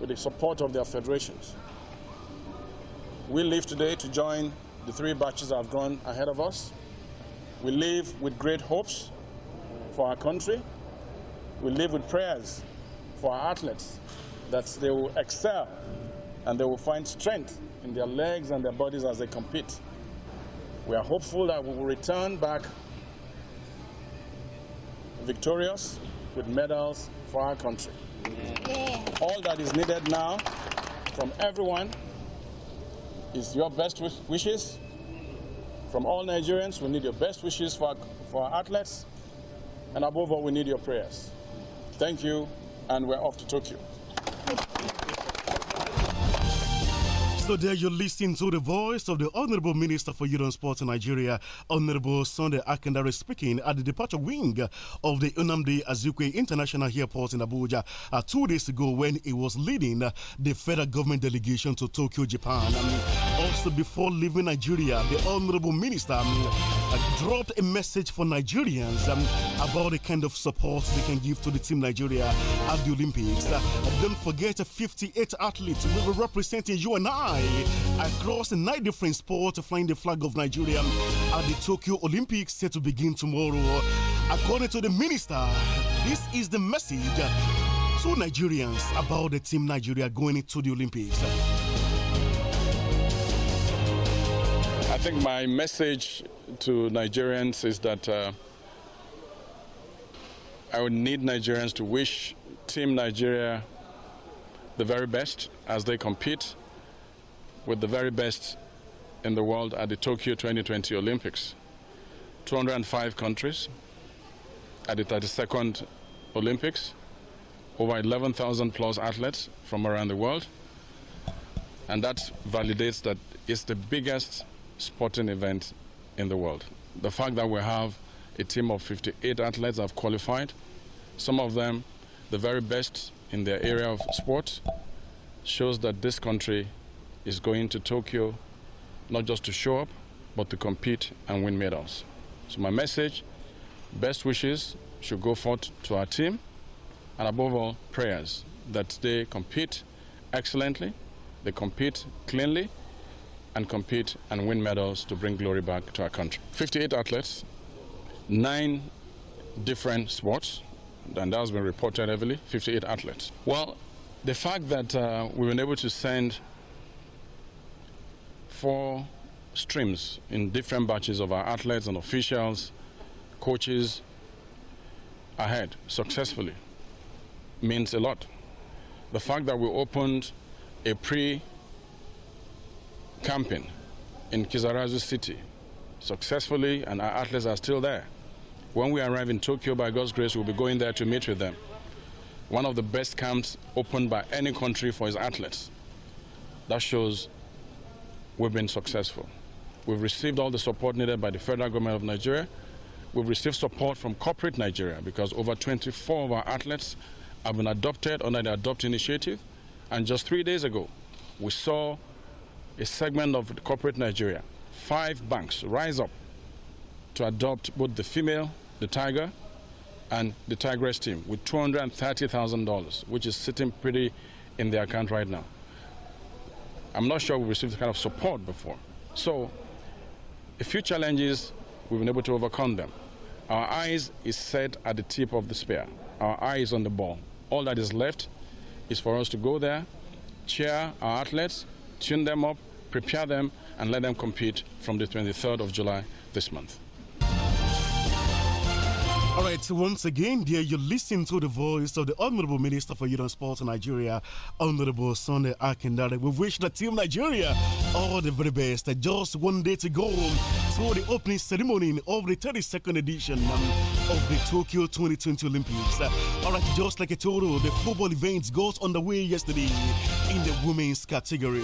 with the support of their federations. We leave today to join the three batches that have gone ahead of us. We live with great hopes for our country. We live with prayers for our athletes that they will excel and they will find strength in their legs and their bodies as they compete. We are hopeful that we will return back victorious with medals for our country. Yeah. All that is needed now from everyone is your best wishes from all Nigerians, we need your best wishes for our, for our athletes, and above all, we need your prayers. Thank you, and we're off to Tokyo. So there you're listening to the voice of the Honorable Minister for Youth and Sports in Nigeria, Honorable Sunday Akandare speaking at the departure wing of the Unamdi Azukwe International Airport in Abuja uh, two days ago when he was leading uh, the federal government delegation to Tokyo, Japan. Um, also before leaving Nigeria, the Honorable Minister um, uh, dropped a message for Nigerians um, about the kind of support they can give to the team Nigeria at the Olympics. Uh, don't forget 58 athletes will be representing you and I fly across nine different sports flying the flag of Nigeria at the Tokyo Olympics set to begin tomorrow. According to the minister, this is the message to Nigerians about the team Nigeria going into the Olympics. I think my message to Nigerians is that uh, I would need Nigerians to wish Team Nigeria the very best as they compete with the very best in the world at the Tokyo 2020 Olympics. 205 countries at the 32nd Olympics, over 11,000 plus athletes from around the world. And that validates that it's the biggest sporting event in the world. The fact that we have a team of 58 athletes have qualified, some of them the very best in their area of sport, shows that this country is going to Tokyo not just to show up, but to compete and win medals. So my message, best wishes should go forth to our team, and above all, prayers that they compete excellently, they compete cleanly, and compete and win medals to bring glory back to our country. 58 athletes, nine different sports, and that has been reported heavily, 58 athletes. Well, the fact that uh, we've been able to send four streams in different batches of our athletes and officials, coaches ahead successfully means a lot. The fact that we opened a pre camping in Kizarazu City successfully and our athletes are still there. When we arrive in Tokyo, by God's grace, we'll be going there to meet with them. One of the best camps opened by any country for its athletes. That shows we've been successful. We've received all the support needed by the federal government of Nigeria. We've received support from corporate Nigeria because over 24 of our athletes have been adopted under the Adopt Initiative. And just three days ago, we saw a segment of corporate Nigeria, five banks, rise up to adopt both the female, the tiger, and the Tigress team with $230,000, which is sitting pretty in their account right now. I'm not sure we have received the kind of support before. So, a few challenges, we've been able to overcome them. Our eyes is set at the tip of the spear. Our eye is on the ball. All that is left is for us to go there, cheer our athletes, tune them up, prepare them, and let them compete from the 23rd of July this month. All right, once again, dear, you listen to the voice of the Honorable Minister for Youth and Sports in Nigeria, Honorable Sunday Akindare. We wish the team Nigeria all the very best. Just one day to go for the opening ceremony of the 32nd edition um, of the Tokyo 2020 Olympics. All right, just like a total, the football events got underway yesterday in the women's category.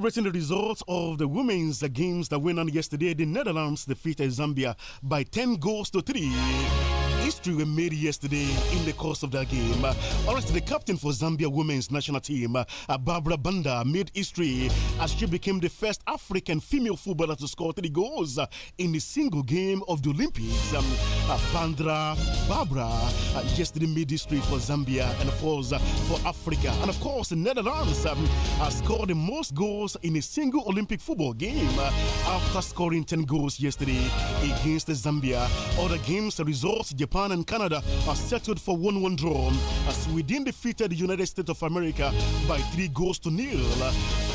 Celebrating the results of the women's games that went on yesterday, the Netherlands defeated Zambia by 10 goals to 3 history were made yesterday in the course of that game. Alright, the captain for Zambia women's national team, uh, Barbara Banda, made history as she became the first African female footballer to score three goals uh, in a single game of the Olympics. Um, uh, Bandra Barbara yesterday made history for Zambia and of course for Africa. And of course, the Netherlands um, scored the most goals in a single Olympic football game after scoring 10 goals yesterday against Zambia. Other games, results, Japan Japan and Canada are settled for 1 1 draw as Sweden defeated the United States of America by three goals to nil.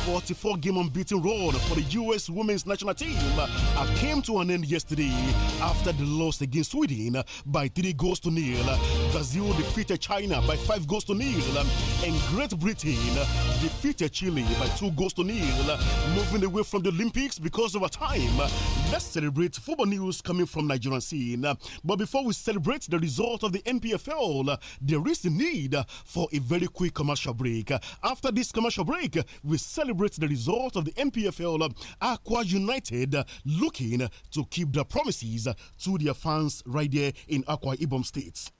44 game unbeaten run for the U.S. women's national team uh, came to an end yesterday after the loss against Sweden by three goals to nil. Brazil defeated China by five goals to nil, um, and Great Britain defeated Chile by two goals to nil. Moving away from the Olympics because of our time, let's celebrate football news coming from Nigerian scene. But before we celebrate the result of the NPFL, there is a need for a very quick commercial break. After this commercial break, we celebrate celebrate the result of the MPFL uh, Aqua United uh, looking to keep their promises uh, to their fans right there in Aqua Ibom State.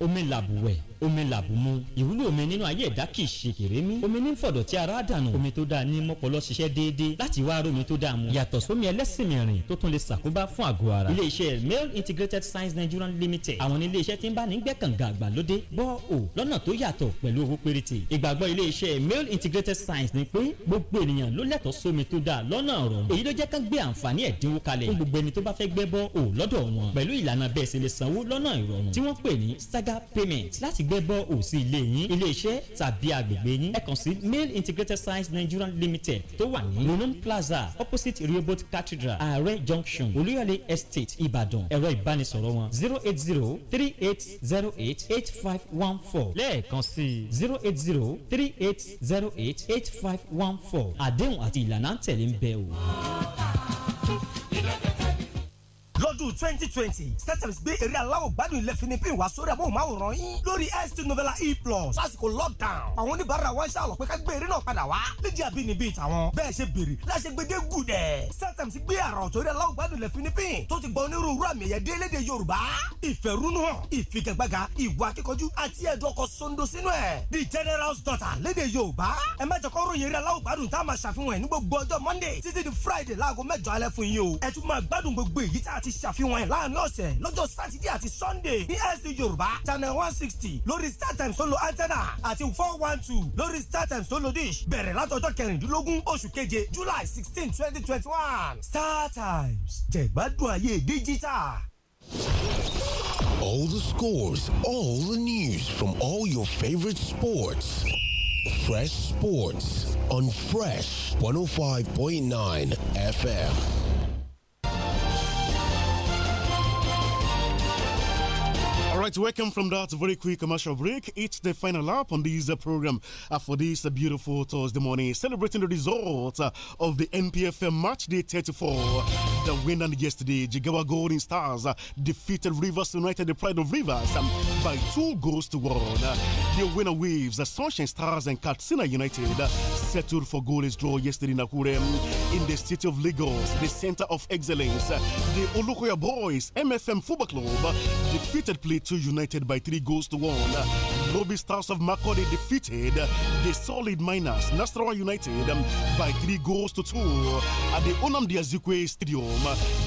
omi làbùwẹ̀ omi làbùmú ìwúlò omi nínú ayé ẹ̀dá kì í ṣe kéré mi omi ní fọ̀dọ̀ tí ara dànù omi tó dáa ní mọ́pọ̀lọ́ ṣiṣẹ́ déédéé láti wá rómi tó dáa mu yàtọ̀ sómi ẹlẹ́sìn mìíràn tó tún lè ṣàkóbá fún àgọ́ ara iléeṣẹ́ mail integrated science nigeria limited àwọn ní iléeṣẹ́ tí ń bá ní gbẹ́kànga àgbàlódé bọ́ ò lọ́nà tó yàtọ̀ pẹ̀lú owó péréte ìgbàgbọ́ iléeṣẹ́ mail integrated science ni pé gbogbo ènìyàn ló lẹ́tọ̀ọ́ sómi tó dáa lọ́nà ọ̀rọ̀ èyí ló jẹ́ ká gbé àǹfààní ẹ̀dínwó kalẹ̀ fún gbogbo ẹni tó bá fẹ́ gbẹ́ bọ́ ò lọ́dọ̀ wọn pẹ̀lú ìlànà bẹ́ẹ̀ sì lè sanwó lọ́nà ìrọ̀rùn tí wọ́n pè ní saga payment láti g gbé bọ́ọ̀lù sí ilé yín iléeṣẹ́ tàbí agbègbè yín ẹ kàn sí mail integrated science nigeria limited tó wà ní ronon plaza opposite rehoboth cathedral ààrẹ junction olúyọ̀lé estate ìbàdàn ẹ̀rọ ìbánisọ̀rọ̀ wọn zero eight zero three eight zero eight eight five one four lẹ́ẹ̀kan sí zero eight zero three eight zero eight eight five one four àdéhùn àti ìlànà tẹ̀lé ń bẹ o lọ́dún twenty twenty startimes gbé eré aláwọ̀ gbádùn ilẹ̀ finipin wá sórí amóhùnmáwòrán yín lórí st novella e plus lásìkò lockdown àwọn oníbàárà wa ń ṣàlọ̀ pé ká gbé eré náà padà wá léjì àbínibí tàwọn bẹ́ẹ̀ ṣe béèrè láṣẹ gbẹdẹ gùdẹ̀ startimes gbé àrà ọ̀tọ̀ eré aláwọ̀ gbádùn ilẹ̀ finipin tó ti gba onírúurú àmì ẹ̀yẹ dé léde yorùbá ìfẹ̀rúnúhàn ìfigagbága ìwà akíkanjú àti ẹ̀dọ́kọ̀ sondo sínú ẹ̀ the general's daughter léde yorùbá ẹ má jẹ́ kó ròyìn eré aláwọ̀ gbádùn tá a máa ṣàfihàn ẹ̀ ní gbogbo ọjọ́ monday títí di friday láago mẹ́jọ alẹ́ fún yín o ẹ tún máa gbádùn gbogbo èyí tá a àti ṣàfihàn ẹ̀ láàrin ọ̀sẹ̀ lọ́jọ́ sátidé àti sunday ní ST yorùbá channel one sixty lórí star tó lo antenna àti four one two lórí star tó lo dish bẹ̀rẹ̀ látọjọ́ kẹrìndínlógún oṣù keje july sixteen twenty twenty one star jẹ̀gbádùn ayé díjítà. All the scores, all the news from all your favorite sports. Fresh Sports on Fresh 105.9 FM. right, welcome from that very quick commercial break. It's the final lap on this uh, program uh, for this uh, beautiful Thursday morning, celebrating the result uh, of the NPF match day 34. The winner yesterday, Jigawa Golden Stars uh, defeated Rivers United, the Pride of Rivers, um, by two goals to one. Uh, the winner waves, the Sunshine Stars and Katsina United settled for goalless draw yesterday in Akure in the city of Lagos, the center of excellence. The Olukoya Boys MFM Football Club defeated Play 2 Plateau United by three goals to one. Roby Stars of Makode defeated the solid miners Nasarawa United um, by three goals to two at the Onamdi Azikwe Stadium.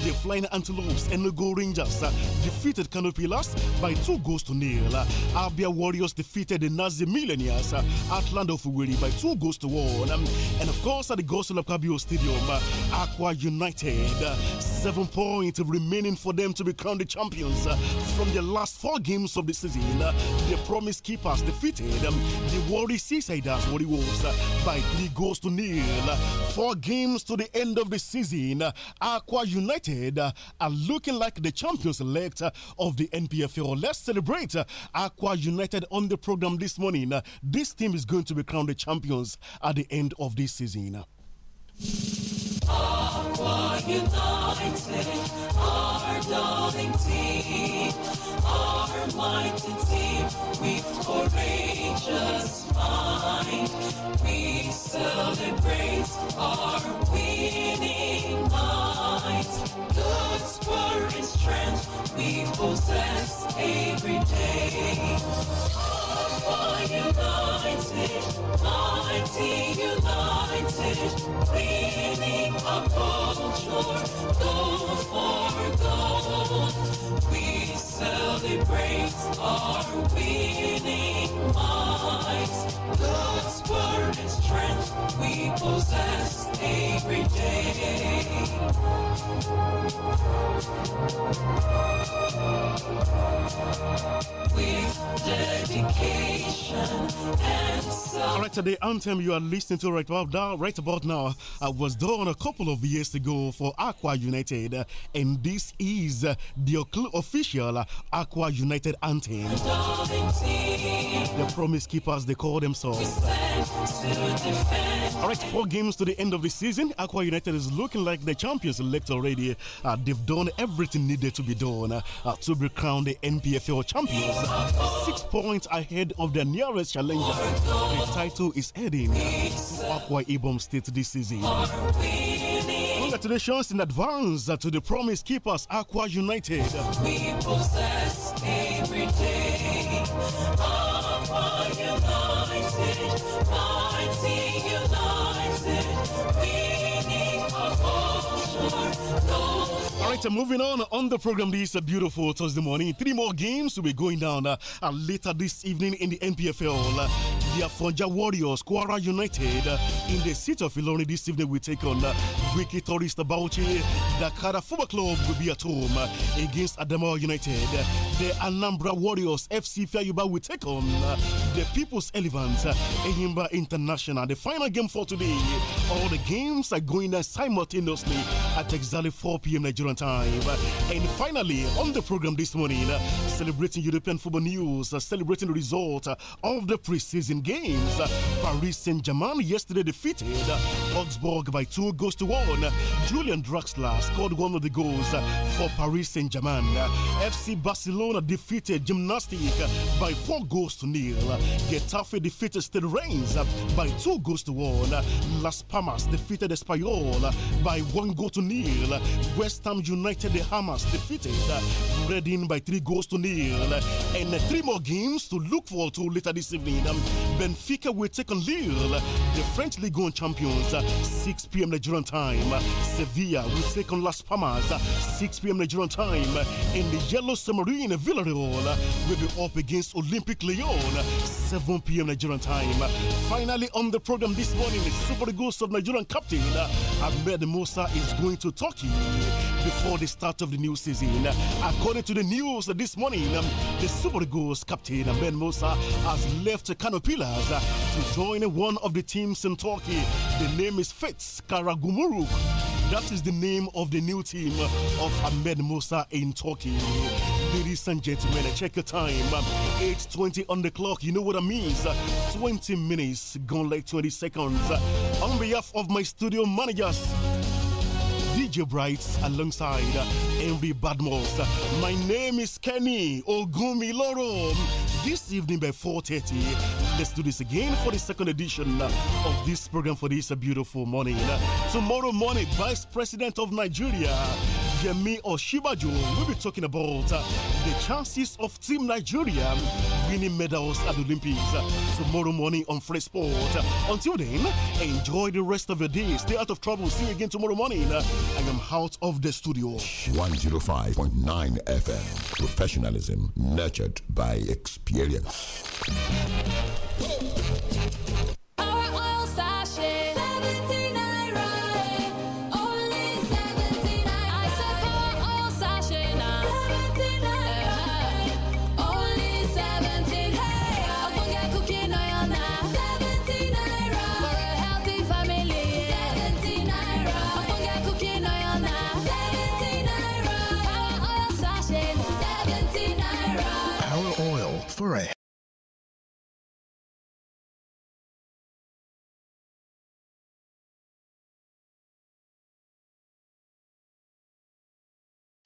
The Flying Antelopes and Go Rangers uh, defeated Canopilas by two goals to nil. Abia Warriors defeated the Nazi Millionaires uh, at Land of Uwiri by two goals to one. Um, and of course, at the Gospel of Kabio Stadium, uh, Aqua United, seven points remaining for them to become the champions from the last four four games of the season, uh, the promise keepers defeated um, the Warri Seasiders Warri Wolves uh, by three goals to nil. Four games to the end of the season, uh, Aqua United are looking like the champions elect of the NPFL. Let's celebrate Aqua United on the program this morning. This team is going to be crowned the champions at the end of this season. Our united, our darling team, our mighty team, We're courageous we celebrate our winning Good strength we possess every day. United, mighty united, winning culture, for gold. We celebrate our winning minds strength we possess every day. dedication all right, today anthem you are listening to right about now, right about now, I uh, was done a couple of years ago for Aqua United, uh, and this is uh, the official Aqua United anthem. The promise keepers, they call themselves. All right, four games to the end of the season. Aqua United is looking like the champions elect already. Uh, they've done everything needed to be done uh, uh to be crowned the NPFL champions. Six points ahead of their nearest challenger. The title is heading to Aqua Ibom State this season. Congratulations in advance to the promise keepers, Aqua United. We possess every day. Aqua United. All right, so moving on on the program this a beautiful Thursday morning. Three more games will be going down uh, later this evening in the NPFL. Uh, the Afonja Warriors, Quara United uh, in the city of Ilori this evening we take on uh, Wiki Tourist Bauchi, Dakar Football Club will be at home against Adamawa United. The Anambra Warriors FC Fayuba will take on the People's Elephant, Ehimba International. The final game for today. All the games are going simultaneously at exactly 4 p.m. Nigerian time. And finally, on the program this morning, celebrating European football news, celebrating the result of the preseason games. Paris Saint Germain yesterday defeated Augsburg by two goals to one. Julian Draxler scored one of the goals for Paris Saint Germain. FC Barcelona defeated Gymnastic by four goals to nil. Getafe defeated Stade Reims by two goals to one. Las Palmas defeated Espanyol by one goal to nil. West Ham United the Hammers defeated Reading by three goals to nil. And three more games to look forward to later this evening. Um, Benfica will take on Lille, the French league 1 champions, 6 p.m. Nigerian time time. Sevilla will take on Las Palmas, 6 p.m. Nigerian time. And the Yellow Submarine Villarreal will be up against Olympic Lyon, 7 p.m. Nigerian time. Finally, on the program this morning, the Super ghost of Nigerian captain Ahmed Musa is going to Turkey before the start of the new season. According to the news this morning, um, the Super Eagles captain Ben Musa has left Canopilas uh, to join one of the teams in Turkey. The name is Fitz Karagumuruk. That is the name of the new team of Ahmed Musa in Turkey. Ladies and gentlemen, check the time. Um, 8.20 on the clock. You know what I mean? Uh, 20 minutes, gone like 20 seconds. Uh, on behalf of my studio managers, DJ alongside Envy Badmos. My name is Kenny Ogumiloro. This evening by 4.30, let's do this again for the second edition of this program for this beautiful morning. Tomorrow morning, Vice President of Nigeria, Yemi Oshibajo, we'll be talking about uh, the chances of Team Nigeria winning medals at the Olympics uh, tomorrow morning on Free Sport. Uh, until then, enjoy the rest of your day. Stay out of trouble. See you again tomorrow morning. I am out of the studio. 105.9 FM. Professionalism nurtured by experience.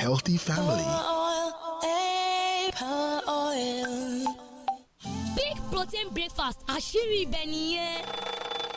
healthy family. Big protein breakfast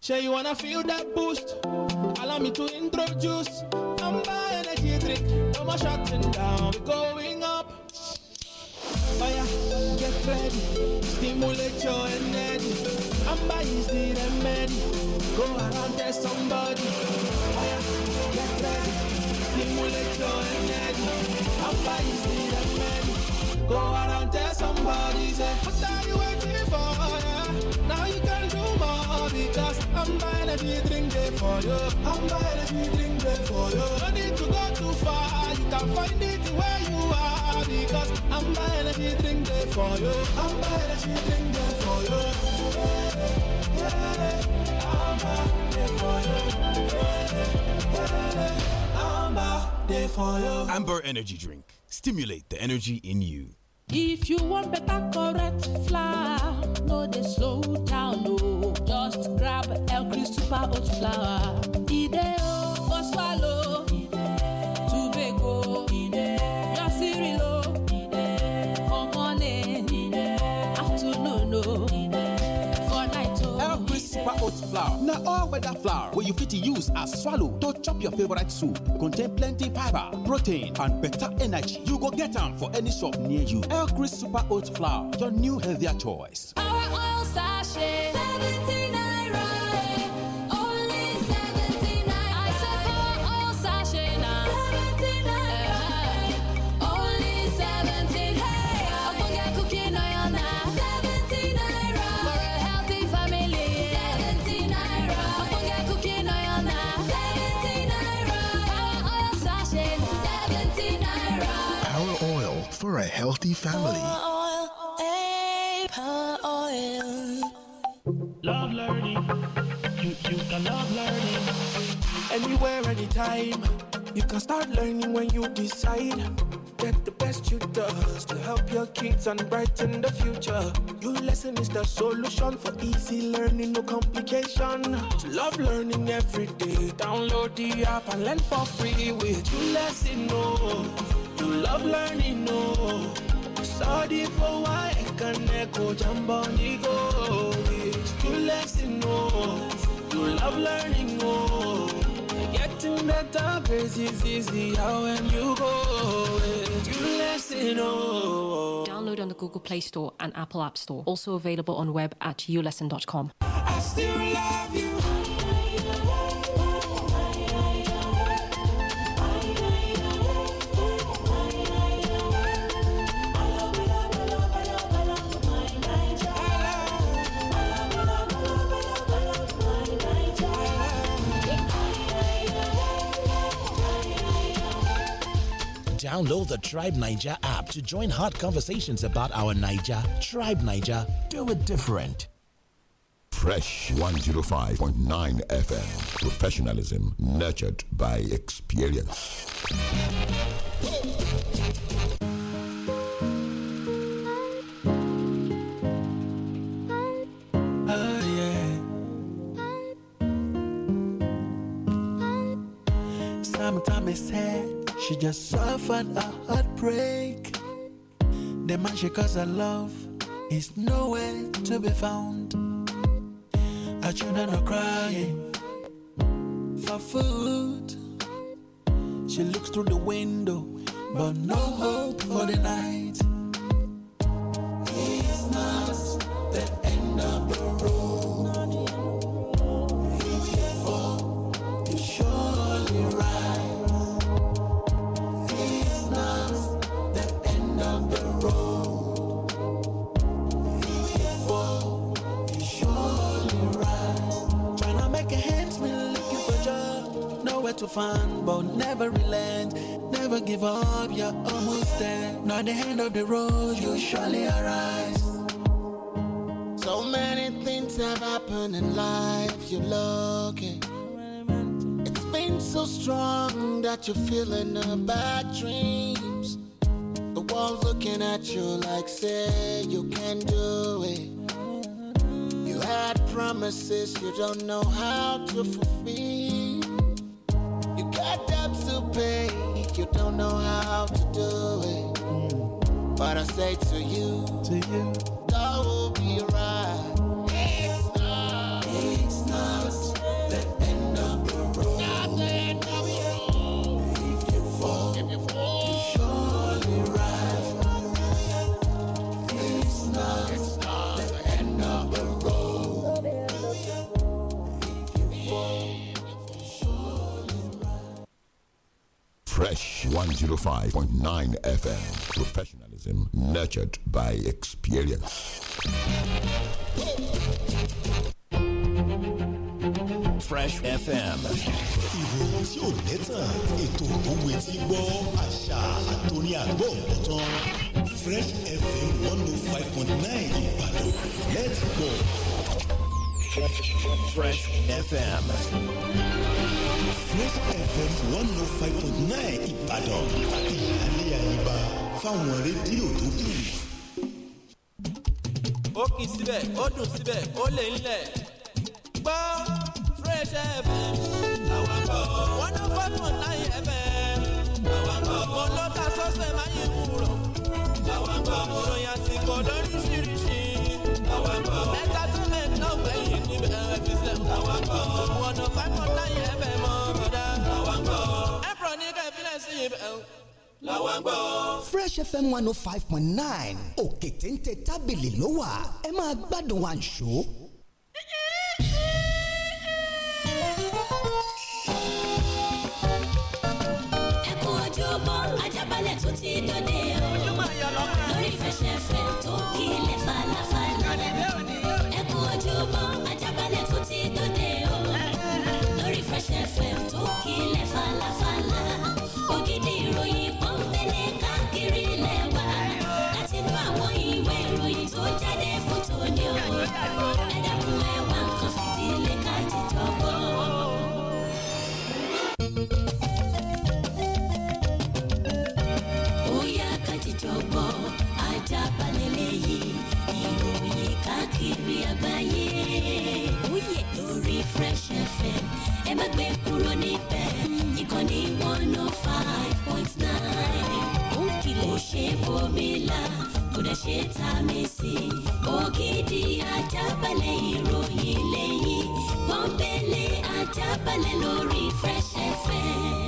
Say you wanna feel that boost? Allow me to introduce Amber energy drink. No more shutting down, we going up. Fire, get ready, stimulate your energy. Amber is the remedy. Go around there, somebody. Fire, get ready, stimulate your energy. Amber is the remedy. Go around there, somebody. Say, what are you waiting for? I'm buying there for you. I'm buying there for you. No need to go too far, you can find it where you are. Because I'm buying there for you. I'm buying there for you. Yeah, yeah, I'm there for you. Yeah, yeah, Amber Energy Drink. Stimulate the energy in you. If you want better, correct no, they slow down goat flower. E dey o for to bake o, your cereal for morning, night o. Every super oat flour Now all weather flour wey you fit to use as swallow to chop your favourite soup. Contain plenty fibre, protein and better energy. You go get am for any shop near you. Elkris super oat flour, your new healthier choice. healthy family. Love learning, you, you can love learning. Anywhere, anytime, you can start learning when you decide. Get the best you does to help your kids and brighten the future. Your lesson is the solution for easy learning, no complication. To love learning every day, download the app and learn for free with your lesson. Oh love learning, no. Sorry for why I can echo go. lesson, no. To love learning, no. Getting better, grace is easy. How you go? Download on the Google Play Store and Apple App Store. Also available on web at ulesson.com. I still love you. Download the Tribe Niger app to join hot conversations about our Niger. Tribe Niger, do it different. Fresh 105.9 FM. Professionalism nurtured by experience. Oh, yeah. Sometimes she just suffered a heartbreak. The man she calls her love is nowhere to be found. Her children are crying for food. She looks through the window, but no hope for the night. fan, but never relent. Never give up, you're almost there. Not the end of the road, you surely arise. So many things have happened in life, you're lucky. It's been so strong that you're feeling the bad dreams. The world's looking at you like, say, you can do it. You had promises you don't know how to fulfill you don't know how to do it. Mm. But I say to you, to you 105.9 FM. Professionalism nurtured by experience. Fresh FM. ìròyìn tí ò lẹ́tàn ètò òwe tí gbọ́ àṣà àgbọ̀ ọ̀tán Fresh FM one oh five point nine Ìbàdàn let's go Fresh FM. Fresh FM one oh five point nine Ìbàdàn ìyáálé àyíbá fáwọn rédíò tó kù. ó kì í síbẹ̀ ó dùn síbẹ̀ ó lè ń lẹ̀ gbọ́ Fresh FM àwọn kọ́ one oh five point nine FM àwọn kọ́ mo ló ta sọ́sẹ̀ máa yẹ wúrọ̀ àwọn kọ́ ròyìn àsìkò lóríṣiríṣi àwọn kọ́ mẹ́ta tún lè náà gbẹ̀yìn níbẹ̀ ẹ̀fíṣẹ́ àwọn kọ́ one oh five point nine FM sí i bẹ́ẹ̀ làwọn gbọ́. fresh fm one oh five point nine òkè téńté tábìlì ló wà ẹ máa gbádùn àǹṣó. ẹ kú ojúbọ ajábalẹ̀ tó ti dòde o lórí fresh fm. ṣe ta mi sí i. ògidì ajábalẹ̀ ìròyìn lẹ́yìn pọ́npẹ́lẹ́ ajábalẹ̀ lórí Fresh FM.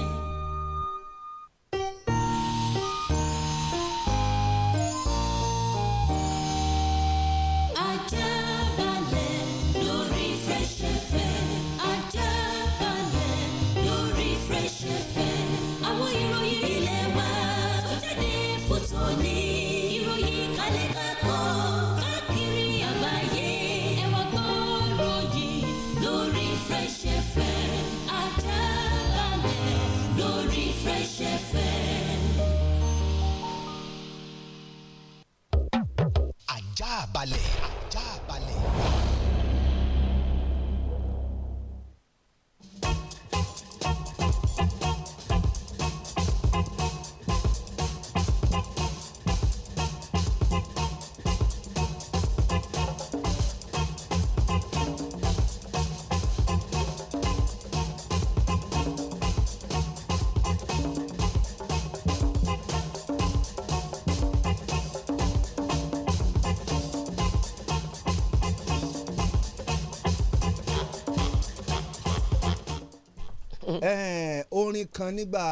kan nígbà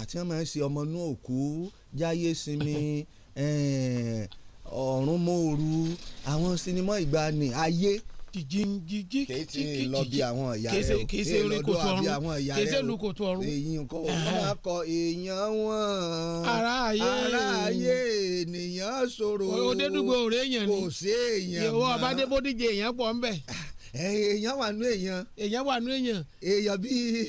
àti wọn máa ń ṣe ọmọ inú òkú jáyé sinmi <laughs> ọ̀run mòoru àwọn sinimá ìgbani ayé jìjìjìjì kìí lọ bí àwọn ìyá rẹ o kìí ṣe orin kò tó ọrùn kìí ṣe lu tó ọrùn èyàn kò máa kọ èèyàn wọn ara ayé ara ayé ènìyàn ṣòro òdedugbo òré èèyàn ni kò sí èèyàn mọ́ ìwọ ọbadébódíje èèyàn pọ̀ ń bẹ̀. Ah, èèyàn wà nú èèyàn. èèyàn wà nú èèyàn. èèyàn bíi.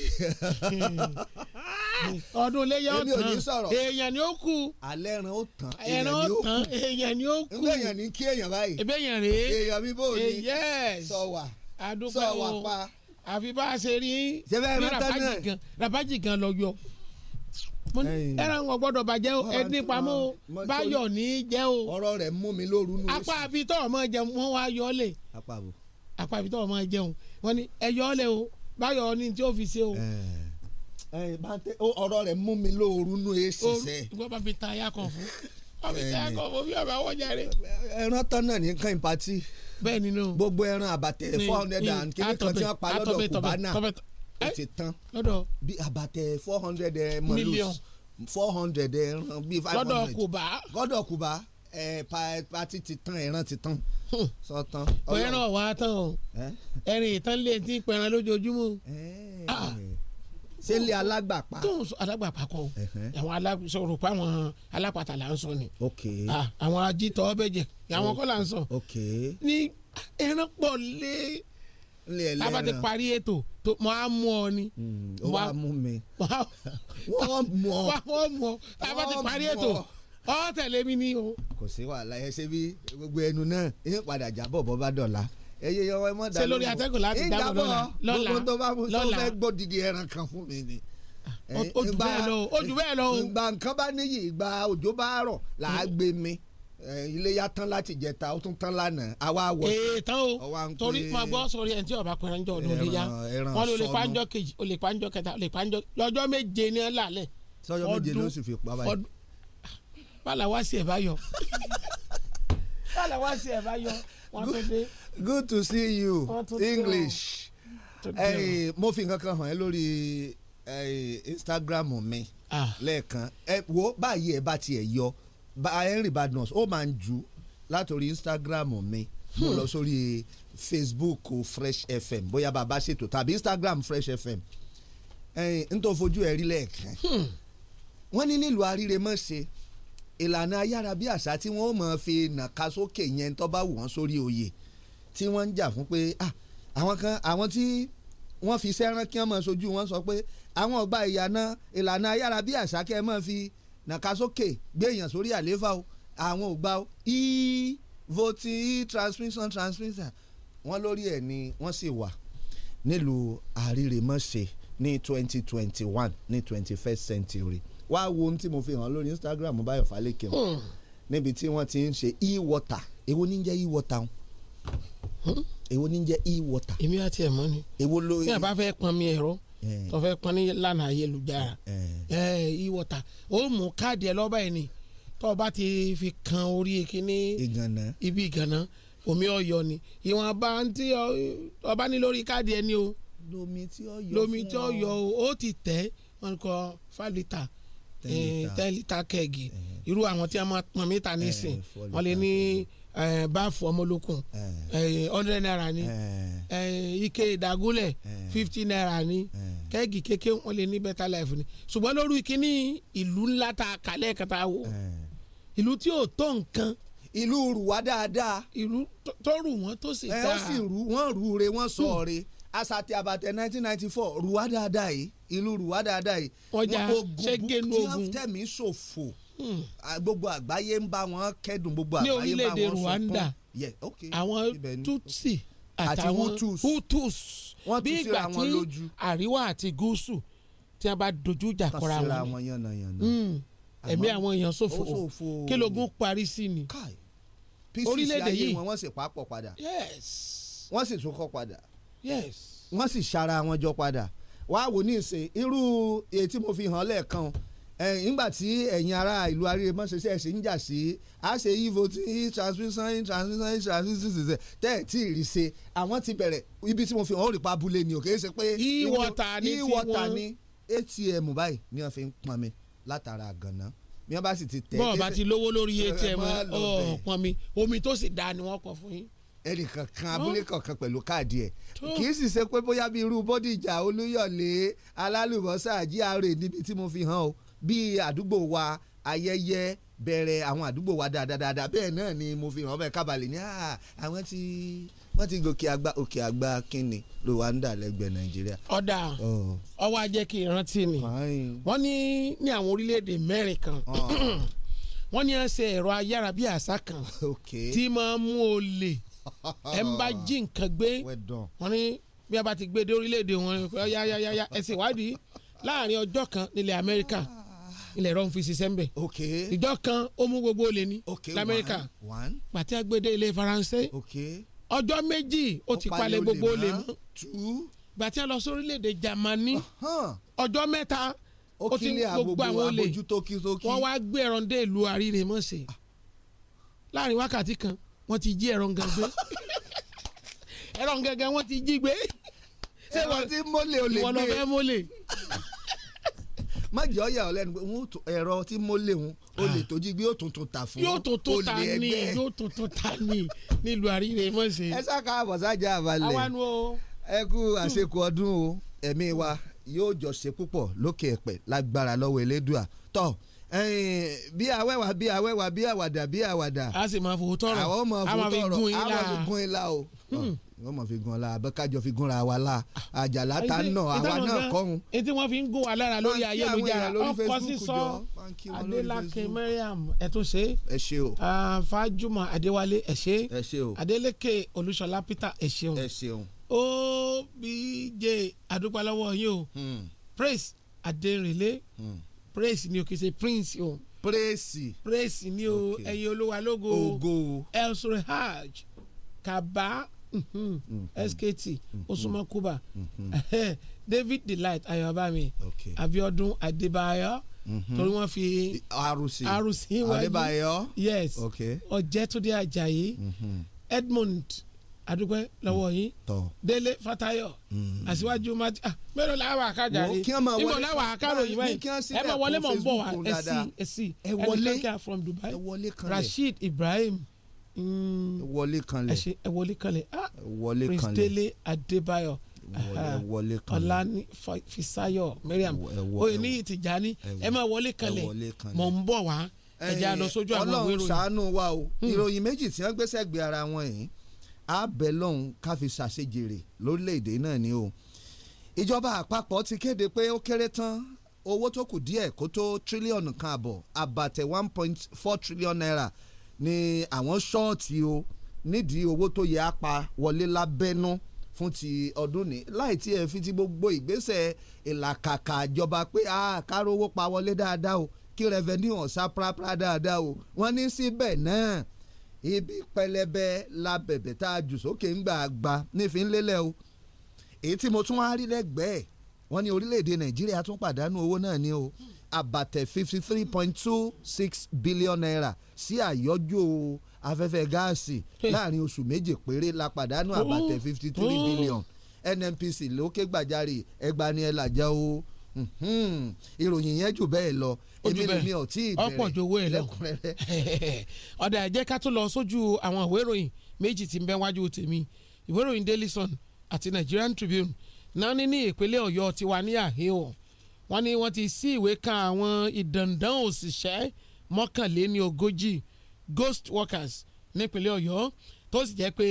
Hmm. ọdún léyà ó tán èèyàn ni ó kù. alẹ́ ẹran ó tán èèyàn ó kù. èèyàn ni ó kù. nbẹ ni kí èèyàn báyìí. ebe èèyàn rèé. èèyàn mi bò ní. sọwà sọwà pa. àfi bá a ṣe rí ní rabaji gan lọ yọ ẹran wọn gbọ́dọ̀ bàjẹ́ o ẹni pamọ́ báyọ̀ ní jẹ́ o ọ̀rọ̀ rẹ̀ mú mi lóru nù. apá àbí ọmọ jẹun wọn wá yọ àpàbí tó ọmọ jẹun wọ́n ní ẹ yọ ọ lẹ o báyọ̀ ni tí ó fi ṣe o. ọ̀rọ̀ rẹ̀ mú mi lóoru nù é ṣiṣẹ́. ìwọ bá fi ta ayá kan fún ọbí ta ayá kan fún bí ọba wọ́n jáde. ẹran tán náà ní nǹkan ìpatí. bẹ́ẹ̀ ni no. gbogbo ẹran àbàtẹ four hundred and kìíní kan tí wọ́n pa lọ́dọ̀ kùbánà ó ti tán bí àbàtẹ four hundred eh, mọ̀lúùs four hundred eh, ẹran bíi five hundred lọ́dọ̀ kùbá. lọ́dọ̀ kùbá pati ti tán ẹran ti tán hmm. sọ tán. pẹ̀ràn wà tán o ẹ̀rìn ìtàn lè ti pẹ̀ràn lójoojúmọ́ ah. ṣé ilé alágbàpá. tóun sọ alágbàpá kọ àwọn alágbàsọ̀rọ̀ pa àwọn alápàtà là ń sọ ni ah, àwọn ajitọ̀ ọbẹ̀ àwọn kọ́ là ń sọ ní ẹran pọ̀ lé tába ti parí ètò tó mọ á ọ ni. Hmm, ó wàá mú mi <laughs> wọ́n mú ọ. wọ́n ti parí ètò ọ tẹ̀lé mi ni o. kò sí wàhálà ẹ ṣe bí gbogbo ẹnu náà ẹ padà jábọ̀ bọ́ dọ̀la ẹ yẹ yọ ẹ mọ̀ dàlú. ṣe lórí atẹ́gùn láti dábọ̀ lọ́la lọ́la lọ́la gbogbo tó bá mú sọ fẹ́ gbọ́ didi ẹran kan fún o jù bẹ́ẹ̀ lọ o jù bẹ́ẹ̀ lọ. ìgbà nǹkan bá níyì ìgbà òjò bá rọ̀ là á gbé mi iléyà tán láti jẹta ó tún tán lánàá àwa wọ. èètàn o torí máa gbọ́ sórí ẹni tí ọba pẹ̀lú ẹjọ́ ọdún iléyà wọn lè panjọ kejì olè panjọ kẹta olè panjọ lọ́jọ́ méje ní ẹ̀ lálẹ́. sọ́jọ́ méje ló sì fi pa báyìí bala wá sí ẹ̀ yọ bala wá sí ẹ̀ yọ wọ́n tó dé. good to see you english ẹyìn mo fi nǹkan kan hàn ẹ́ lórí instagram mi ah. lẹ́ẹ̀kan ẹ wo báyìí ẹ bá tiẹ̀ yọ henry badmus ó máa ń ju látòrí instagram mi mo hmm. lọ sórí facebook fresh fm bóyá bàbá ṣètò tàbí instagram fresh fm ẹyìn n tó fojú ẹ rí lẹ́ẹ̀kan hmm. wọ́n ní nílùú àríremọ́ṣe ìlànà ayárabíàṣá tí wọ́n mọ̀ fi nàka sókè yẹn tó bá wù wọ́n sórí oyè tí wọ́n ń jà fún pé àwọn kan àwọn tí wọ́n fi sẹ́rán kí wọ́n mọ̀ sojú wọn sọ pé àwọn ọgbà ìyànà ìlànà ayárabíàṣá kẹ́ ẹ mọ̀ fi nàka sókè gbé èèyàn sórí àlééfà o àwọn ò o e voting e transmission transmission wọ́n lórí ẹ̀ ni wọ́n sì wà nílùú àrírèmọ́sẹ̀ ní twenty twenty one ní twenty first century wá wo ohun tí mo fi hàn lórí Instagram Báyọ̀ Fálékè o hmm. níbi tí wọ́n ti ń ṣe e-water èwo ní jẹ́ e-water o hmm? èwo ní jẹ́ e-water. èmi àti ẹ̀ mọ́ ni èwo ló ní àbá fẹ́ pọn mi ẹ̀rọ eh. tó fẹ́ pọn ní lánàá ayélujára eh. Eh, e-water ó mú káàdì ẹ̀ lọ́ba ẹ̀ ni tó o bá ti fi kan orí kíní ibi ìgànná omi ọyọ ni ìwọ̀n ọba tí ọba ní lórí káàdì ẹ̀ ni o lomi tí ó yọ o ó ti tẹ̀ wọ́n kọ five litre tẹ́lítà eh, kẹ́ẹ̀gì eh. irú àwọn tí a máa pọn mítà eh, nísìn wọ́n lè ní báàfù ọmọlókun hundred naira ni ike ìdágúnlẹ̀ fifty naira ni kẹ́ẹ̀gì kékeré wọ́n lè ní better life ni ṣùgbọ́n lórí kíní ìlú ńlá ta kálẹ̀ kata wo ìlú tí ò tó nǹkan ìlú rù wá dáadáa. ìlú tó rù wọ́n tó sì dáa. ẹ ó sì rù wọ́n rù re wọ́n sọ ọ̀rẹ́ hmm. àṣà àti nineteen ninety four rù wá dáadáa yìí ìlú rúwá dáadáa yìí ọjà ṣẹ́gẹ́nu ogun tí wọ́n tẹ̀mí ṣòfò hmm. gbogbo àgbáyé ń bá wọn kẹ́dùn gbogbo àgbáyé bá wọn sọ̀tọ̀ ní orílẹ̀-èdè Rwanda àwọn Tutsi àtàwọn Hutus bí ìgbà tí àríwá àti gúúsù tí a bá dojú ìjà kọra wọn hmm. ẹ̀mí àwọn èèyàn ṣòfò kí lóògùn parí sí ni orílẹ̀-èdè yìí wọ́n sì papọ̀ padà wọ́n sì tún kọ́ padà wọ́n sì ṣara wọn jọ padà wàá wò ní ìsìn irú èyí tí mo fi hàn lẹ́ẹ̀kan nígbà tí ẹ̀yin ará ìlú aríremọ́ṣẹ́ṣẹ́ ṣe ń jà sí a ṣe ivo tí transmission transmission transmission tẹ́ ẹ̀ tí ì rí ṣe àwọn ti bẹ̀rẹ̀ ibi tí mo fi hàn ó rí pa abúlé ni òkè ṣe pé iwọta ni iwọta ni atm báyìí ni wọ́n fi ń pọn mi látara àgànná bí wọ́n bá sì ti tẹ̀. bọ́ọ̀ bá ti lówó lórí atm ọ̀pọ̀ mi omi tó sì dáa ni wọ́n kọ fún yín ẹnìkan kan abúlé kọ̀ọ̀kan pẹ̀lú káàdì ẹ̀ kì í sì ṣe pé bóyá bí irú bódìjà olúyọ̀lé alálùbọ́sà GRA níbi tí mo fi hàn o bí àdúgbò wa ayẹyẹ bẹ̀rẹ̀ àwọn àdúgbò wa dáadáa bẹ́ẹ̀ náà ni mo fi hàn ọbẹ̀ kábàlì ní àwọn tí wọ́n ti gòkè àgbà òkè àgbà kínni Rwanda lẹ́gbẹ̀ẹ́ Nàìjíríà. ọ̀dà ọwọ́ oh. ajẹ́ kí ìrántí mi wọ́n ní ní àwọn orílẹ̀-èdè mẹ́rin kan oh. <clears throat> wọ́n ní à ń ṣe ẹ̀rọ ayárabíàṣá kan <laughs> tí máa ń mú olè ẹ̀ ń bá jí nǹkan gbé <laughs> wọn ní bí a bá ti gbé dé orílẹ̀-èdè wọn yáyáyáyá ẹ ṣe ìwádìí láàrin ọjọ́ kan nílẹ̀ Amẹ́ríkà ilẹ̀ rọ̀ ń fi ṣiṣẹ́ ń bẹ̀. ìjọ kan ó mú gbogbo olè ní lamẹ́ríkà pàtí agbede ilẹ̀ faransé ọjọ́ méjì ó ti palẹ̀ gbogbo olè mọ́ pàtí a lọ sórílẹ̀‐èdè jamani uh-huh. ọjọ́ mẹ́ta ó ti gbogbo àwọn olè wọ́n wá gbé ẹ̀rọ̀ ìlú àríre láàrin wákàtí kan wọ́n ti jí ẹ̀rọ nǹkan gbé ẹ̀rọ nǹkan gan wọ́n ti jí gbé. ṣé wọ́n ti mólè olè gbé ìwọ lọ fẹ́ mólè. má jẹ́ ọ̀yà ọ̀lẹ́nu pé ẹ̀rọ tí mólè hun olè ah. tó jí gbé yóò tuntun ta fún yóò tuntun ta ni yóò tuntun ta ni nílùú àríyìn mọ̀ ṣe. ẹ sá ká àbọ̀sájà àbálẹ̀ ẹ kú àṣekù ọdún o ẹ̀mí wa yóò jọ ṣe púpọ̀ lókè ẹ̀pẹ̀ lágbára lọ́wọ́ elédùà tọ́ bí awẹ́wà bí awẹ́wà bí àwàdà bí àwàdà. a sì máa fowó tọrọ àwọn ọmọ fowó tọrọ a máa fi gun ilá o hmm. wọ́n mọ̀ fi gun la abẹ́kájọ fi gunra wa la àjàlá ta nà àwa náà kọ́hún. etí wọ́n fi ń gun wa lára lórí ayélujára ọkọ sísọ adélakẹ mariam ẹ tún ṣe. ẹ ṣe o. Ah, fájúmọ̀ adéwálé ẹ ṣe. ẹ ṣe o. adélékè olúṣọlá peter ẹ ṣeun. ẹ ṣeun. obj adúpalọ́wọ́ yín o hmm. praise adérinlé. Hmm praise ni o kì í ṣe prince o. praise. praise ni o ẹ̀yin olúwa lógo. ogo. elsore hajj kaba mhm, mm-hmm. skt mm-hmm. osuma kuba mm-hmm. david delight ayọ̀bámi abiodun adébáyọ̀ torí wọ́n fi arusi arusi wájú adébáyọ̀ yes ọ̀jẹ̀túndé ajayi edmund adúpẹ́ lọ́wọ́ yín mm. délé fatayo mm. aṣíwájú mati ah mẹ́rin làwọn àkàjà rẹ̀ ìmọ̀ làwọn àkàrò yìí báyìí ẹ mọ̀ wọlé mọ̀ ń bọ̀ wá ẹ̀sì ẹ̀sì ẹ̀dínkà from Dubai Rasheed Ibrahim wọlé kanlẹ̀ mm. ẹ wọlé kanlẹ̀ ah Prince Dele Adebayo ah, ọlani Fisayo Mariam oyinniyi Tijani ẹ máa wọlé kanlẹ̀ mọ̀ ń bọ̀ wá ẹ̀jẹ̀ àlọ́ sójú àwọn ìròyìn. Ọlọ́run ṣàánú wa o hmm. ìròyìn méjì tí wọ́n gbé sẹ́gbẹ̀ẹ́ ara wọn yìí abẹ lọ́hùn ká fi ṣàṣejèrè lórílẹ̀‐èdè náà ni o ìjọba àpapọ̀ ti kéde pé ó kéré tán owó tó kù díẹ̀ kó tó tírílíọ̀nù kan àbọ̀ àbàtẹ̀ one point four trillion naira ni àwọn ṣọ́ọ̀tì o nídìí owó tó yẹ apá wọlé lábẹ́nú fún ti ọdún ní láì tí ẹ fi ti gbogbo ìgbésẹ̀ ìlàkàkà ìjọba pé àkàrọ̀ owó pa wọlé dáadáa o kí revenue ọ̀sá prapra dáadáa o wọ́n ní síbẹ̀ náà ibi pẹlẹbẹ la bẹ̀bẹ̀ tá a jù sókè ń gbà gba nífin lélẹ̀ o èyí tí mo tún wá rí lẹ́gbẹ̀ẹ́ wọ́n ní orílẹ̀ nàìjíríà tún pàdánù owó náà ni o àbàtẹ̀ fifty three point two six billion naira sí àyọjú afẹ́fẹ́ gáàsì láàrin oṣù méje péré la pàdánù àbàtẹ̀ fifty three billion nnpc ló ké gbàjarè ẹgbani ẹ làjà o ìròyìn yẹn jù bẹ́ẹ̀ lọ èmi lèmi ò tí ì bẹ̀rẹ̀ ọ̀pọ̀ ju owó ẹ̀ lọ <laughs> ọ̀dà ẹ̀jẹ̀ ká tó lọ sójú àwọn ìwé ìròyìn méjì tí ń bẹ wájú tèmi ìwé ìròyìn Daily Sun àti Nigerian Tribune náà ní ní ìpínlẹ̀ Ọ̀yọ́ ti wà ní àhíhò wọn ni wọ́n ti sí ìwé kan àwọn ìdàndàn òṣìṣẹ́ mọ́kànléní ogójì ghost workers nípínlẹ̀ Ọ̀yọ́ tó sì jẹ́ pé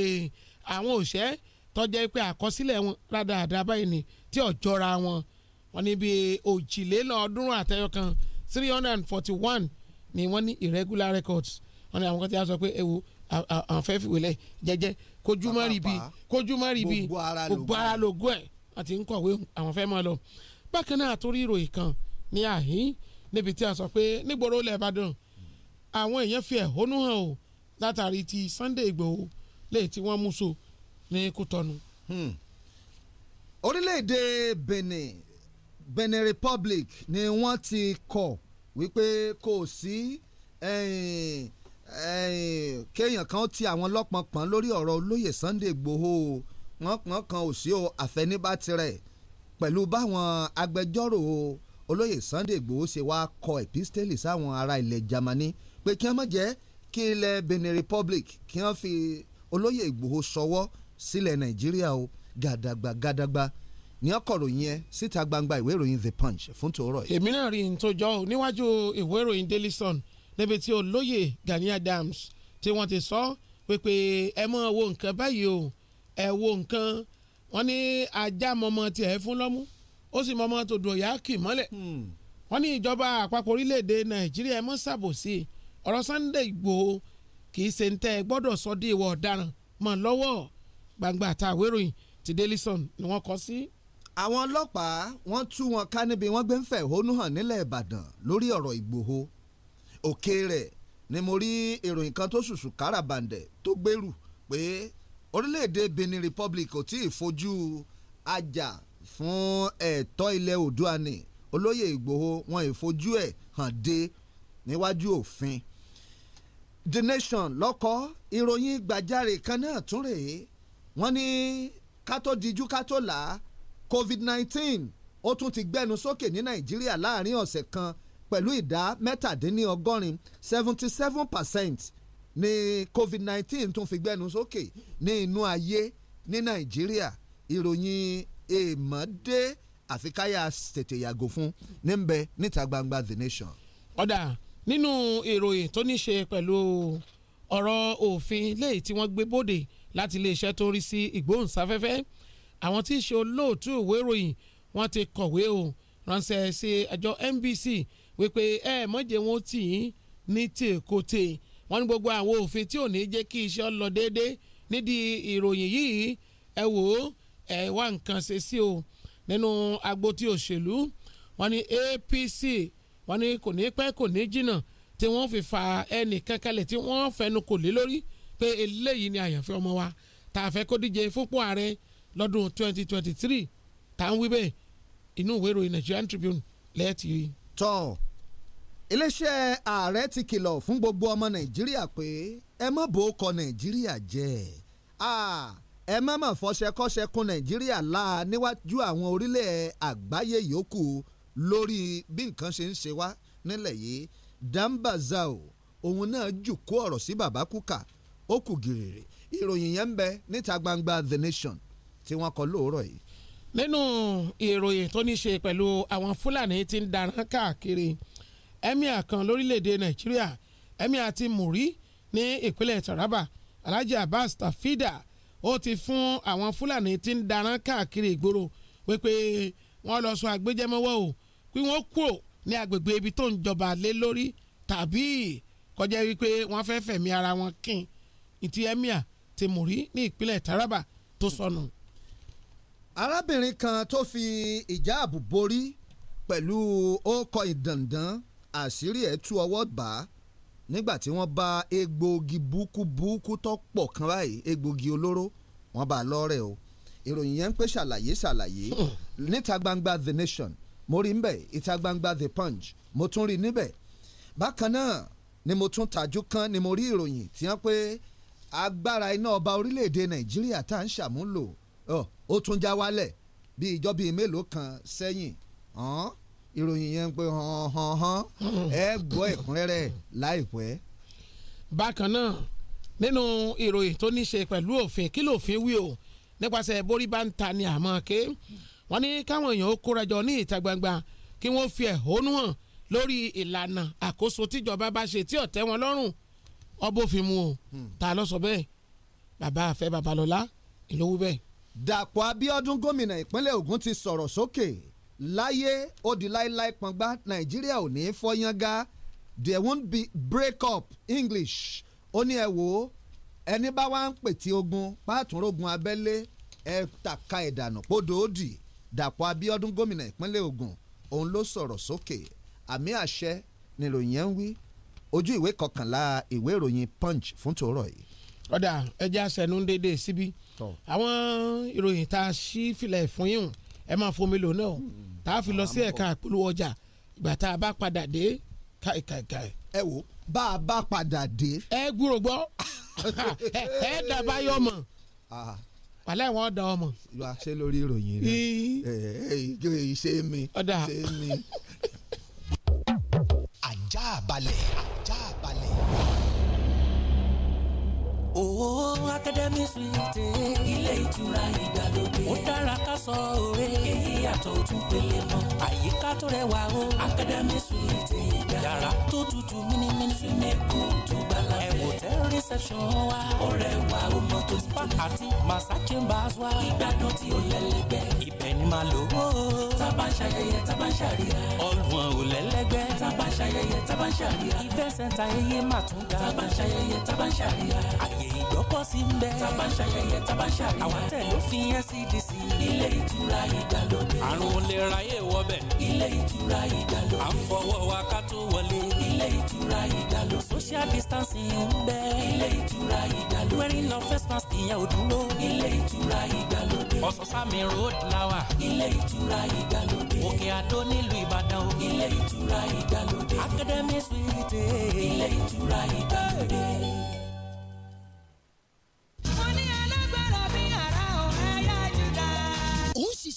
àwọn òṣẹ́ tọ́jẹ́ pé àkọsílẹ̀ wọn rádaràda báyìí ni tí ọ̀jọ́ra wọn wọn ni bíi òjìlélọ́ọ̀ọ́dúnrún àtẹyọkan three hundred and forty one ni wọ́n ní irregular records wọ́n ní àwọn kan ti á sọ pé ewu àwọn fẹ́ fìwé lẹ̀ jẹ́jẹ́ kojúmọ́ ribi kojúmọ́ ribi gbogbo ara lògó ẹ̀ àti ń kọ̀wé àwọn fẹ́ máa lọ. bákan náà àtúrí ìròyìn kan ní àhín níbi tí a sọ pé nígboro ilẹ̀ Ìbàdàn àwọn èèyàn fi ẹ̀hónú hàn o látàrí ti Sunday Ìgbòho lẹ́yìn tí wọ́n mú so ní Kútọ́nù. Hmm. orílẹ̀-èdè Benin Benin Republic ni wọ́n ti kọ̀ wípé kò sí kéèyàn kan ti àwọn lọ́pọ̀npọ̀n lórí ọ̀rọ̀ olóyè Sunday Igboho wọ́n pọ̀n kan ò sí o àfẹnibá tirẹ̀ pẹ̀lú báwọn agbẹjọ́rò olóyè Sunday Igboho ṣe wá kọ epistelli sáwọn ará ilẹ̀ Germany pé kí wọ́n má jẹ́ kí ilẹ̀ Benin Republic kí wọ́n fi olóyè Igboho ṣọwọ́ sílẹ̀ Nàìjíríà o gàdàgbà gàdàgbà ní ọkọ̀ròyìn yẹn síta gbangba ìwé ìròyìn The Punch fún tòórọ̀ yìí. èmi náà rí n tó jọ ọ níwájú ìwé ìròyìn Daily Sun níbi tí olóyè Gani Adams tí wọ́n ti sọ pé ẹ mọ̀ wo nǹkan báyìí o ẹ wo nǹkan wọ́n ní ajá mọ́mọ́ tiẹ̀ fún lọ́mú ó sì mọ́mọ́ tó dùn ọ̀yá kì mọ́lẹ̀ hmm. wọ́n ní ìjọba àpapọ̀ orílẹ̀-èdè Nàìjíríà ẹ mọ́ ṣàbòsí ọ̀rọ̀ Sunday Ìgbòho kì í ṣe ń tẹ́ ẹ gbọ́dọ̀ sọ dé ìwà ọ̀daràn mọ́ lọ́wọ́ gbangba àtàwéròyìn ti Daily Sun ni wọ́n kọ sí. Si àwọn ọlọ́pàá wọ́n tú wọn ká níbi wọ́n gbé ń fẹ̀hónú hàn nílẹ̀ Ìbàdàn lórí ọ̀rọ̀ Ìgbòho òkè rẹ̀ ni mo rí ìròyìn kan tó ṣùṣù káràbàǹdẹ̀ tó gbèrú pé orílẹ̀-èdè Benin Republic ò tí ì fojú ajá fún ẹ̀tọ́ ilẹ̀ Oòduà ni olóyè Ìgbòho wọn ìfojú ẹ̀ hàn dé níwájú òfin The Nation lọ́kọ́ ìròyìn gbàjarè kan náà tún rèé wọ́n ní ká tó dijú ká tó là covid-19 ó tún ti gbẹnu sókè ní nàìjíríà láàrin ọ̀sẹ̀ kan pẹ̀lú ìdá mẹ́tàdínníọgọ́rin seventy seven percent ni covid-19 tún fi gbẹnu sókè ní inú ayé ní nàìjíríà ìròyìn èèmọ̀dé àfikáyà tètè yàgò fún níbẹ̀ níta gbangba the nation. ọ̀dà nínú ìròyìn tó ní ṣe pẹ̀lú ọ̀rọ̀ òfin léyìí tí wọ́n gbé bóde láti iléeṣẹ́ tó ń rí sí ìgbóhùnsáfẹ́fẹ́ àwọn tí í ṣe olóòtú ìwé ìròyìn wọ́n ti kọ̀wé o ránṣẹ́ sí àjọ NBC wípé ẹ mọ̀jẹ̀ wọn tì í ní tèkótè wọ́n ní gbogbo àwọn òfin tí ò ní jẹ́ kí iṣẹ́ lọ déédé nídìí ìròyìn yìí ẹ wò ó ẹ wá nǹkan ṣe sí o nínú agbo òṣèlú wọ́n ní APC wọ́n ní kò ní pẹ́ kò ní jìnnà tí wọ́n fi fa ẹnìkan kalẹ̀ tí wọ́n fẹnu kò lé lórí pé eléyìí ni àyànfẹ́ ọmọ wa tá kó díje fúnpọ̀ ààrẹ lọ́dún 2023 tá à ń wí bẹ́ẹ̀ inú ìwé ìròyìn Nigerian Tribune lẹ́ẹ̀tì rí. tọ́ iléeṣẹ́ ààrẹ ti kìlọ̀ fún gbogbo ọmọ nàìjíríà pé ẹ má bò ó kọ nàìjíríà jẹ ẹ má mà fọṣẹkọṣẹ kún nàìjíríà la níwájú àwọn orílẹ̀ àgbáyé yòókù lórí bí nǹkan ṣe ń ṣe wá nílẹ̀ yìí Dambazao òun náà jù kó ọ̀rọ̀ sí bàbá kúkà ó kù gìrìrì ìròyìn yẹn ń bẹ níta gbangba The Nation tí wọ́n kọ lóòrọ̀ yìí. nínú ìròyìn tó ní ṣe pẹ̀lú àwọn fúlàní tí ń darán káàkiri emir kan lórílẹ̀‐èdè nàìjíríà emir ti Muri ní ìpínlẹ̀ Taraba Alhaji Abbas Tafida ó ti fún àwọn fúlàní tí ń darán káàkiri ìgboro wípé wọ́n lọ sọ àgbéjẹmọ́wọ́ o pé wọ́n kúrò ní agbègbè ibi tó ń jọba lé lórí tàbí kọjá wípé wọ́n fẹ́ fẹ̀mí ara wọn kín ìtì emir ti Muri ní ìpínlẹ̀ Taraba tó sọnù. So arábìnrin kan tó fi ìjáàbù borí pẹ̀lú ọkọ ìdàndàn àṣírí ẹ̀ tú ọwọ́ bá nígbà tí wọ́n bá egbòogi búkúbúkú tó pọ̀ kan báyìí egbòogi olóró wọ́n bá a o ìròyìn yẹn ń pè ṣàlàyé ṣàlàyé níta gbangba the nation mo rí níbẹ̀ ìta gbangba the punch mo tún rí níbẹ̀ bákan náà ni mo tún tajú kan ni mo rí ìròyìn tí wọ́n pé agbára iná ọba orílẹ̀-èdè nàìjíríà tá à ń ṣàmúlò ó tún já wálẹ̀ bí ìjọ́ bíi mélòó kan sẹ́yìn ìròyìn yẹn ń pè hàn hàn hàn ẹ gbọ́ ẹ̀kúnrẹ́rẹ́ láìpẹ́. bákan náà nínú ìròyìn tó ní ṣe pẹ̀lú òfin kí lòfin wí o nípasẹ̀ borí bá ń ta ni àmọ́ ké wọ́n ní káwọn èèyàn ó kóra jọ ní ìta gbangba kí wọ́n fi ẹ̀hónú hàn lórí ìlànà àkóso tíjọba bá ṣe tí ọ̀tẹ́ wọn lọ́rùn ọbọ̀fin mu o hmm. ta ló sọ bẹ́ẹ̀ bàbá àfẹ́ babalọ́lá ìlówó bẹ́ẹ̀ Dàpọ̀ Abíọ́dún gómìnà ìpínlẹ̀ Ògùn ti sọ̀rọ̀ sókè láyé ó di láéláé pọngbá Nàìjíríà ò ní fọyánga there won't be break up English ó ní ẹ wò ó ẹni bá wá ń pètè ogun pàtúrógun abẹ́lé ẹ tàka ìdànù pódòódì Dàpọ̀ Abíọ́dún gómìnà ìpínlẹ̀ Ògùn òun ló sọ̀rọ̀ sókè àmì àṣẹ nìròyìn ẹ̀ ń wí ojú ìwé kọkànlá ìwé ìròyìn Punch fún tòórọ̀ yìí ọ̀dà ẹja sẹ̀nu déédéé síbí àwọn ìròyìn tá a ṣí filẹ̀ fún yín ẹ máa fomi lò náà hmm. tá a fi lọ sí ẹ̀ka ìpolówó ọjà ìgbà tá a bá padà dé káìkàìkàì. ẹ wo bá a bá padà dé. ẹ gbúrò gbọ́ <laughs> ẹ dàbá yọ mọ̀ wàhálà ìwọ̀n da ọmọ. wà á ṣe lórí ìròyìn rẹ ẹ ṣe mi ṣe mi. ajá balẹ̀ ajá. Owó Akademi Suite. Ilé ìtura ìgbàlódé. Ó dára ká sọ òwe. Èyí yàtọ̀ ó tún pele mọ́. Àyíká tó rẹwà o. Akademi Suite Yàrá tó tutù mímímí. Súnmẹ́kù tó gbàlá hòtẹ́ẹ̀lì reception wa. ọ̀rẹ́ wa ó mọ tó ti pa àti massa chambers wa. ìgbádùn tí ó lẹ́lẹ́gbẹ́. ibẹ̀ ni màá lò ó. tábà ń ṣayẹyẹ tábà ń ṣàríyá. ọgbọ̀n ò lẹ́lẹ́gbẹ́. tábà ń ṣayẹyẹ tábà ń ṣàríyá. ìfẹ́ sẹ́ńtà eyé mà tún ga. tábà ń ṣayẹyẹ tábà ń ṣàríyá. àyè ìgbọ́kọ̀ sí ń bẹ. tábà ń ṣayẹyẹ tábà ń ṣàríyá. àwọn tẹ̀ ló fi NCDC. ilé ìtura ìgbàlódé. àrùn olè ráyè wọbẹ̀. ilé ìtura ìgbàlódé. à ń fọwọ́ wa ká tó wọlé. ilé ilé ìtura ìdàlú. social distancing ń bẹ. ilé ìtura ìdàlú. wearing no face mask ìyẹn ò dúró. ilé ìtura ìdàlódé. ọ̀sán-sámi road lawa. ilé ìtura ìdàlódé. òkè àdó nílùú ìbàdàn o. ilé ìtura ìdàlódé. academy suite. ilé ìtura ìdàlódé.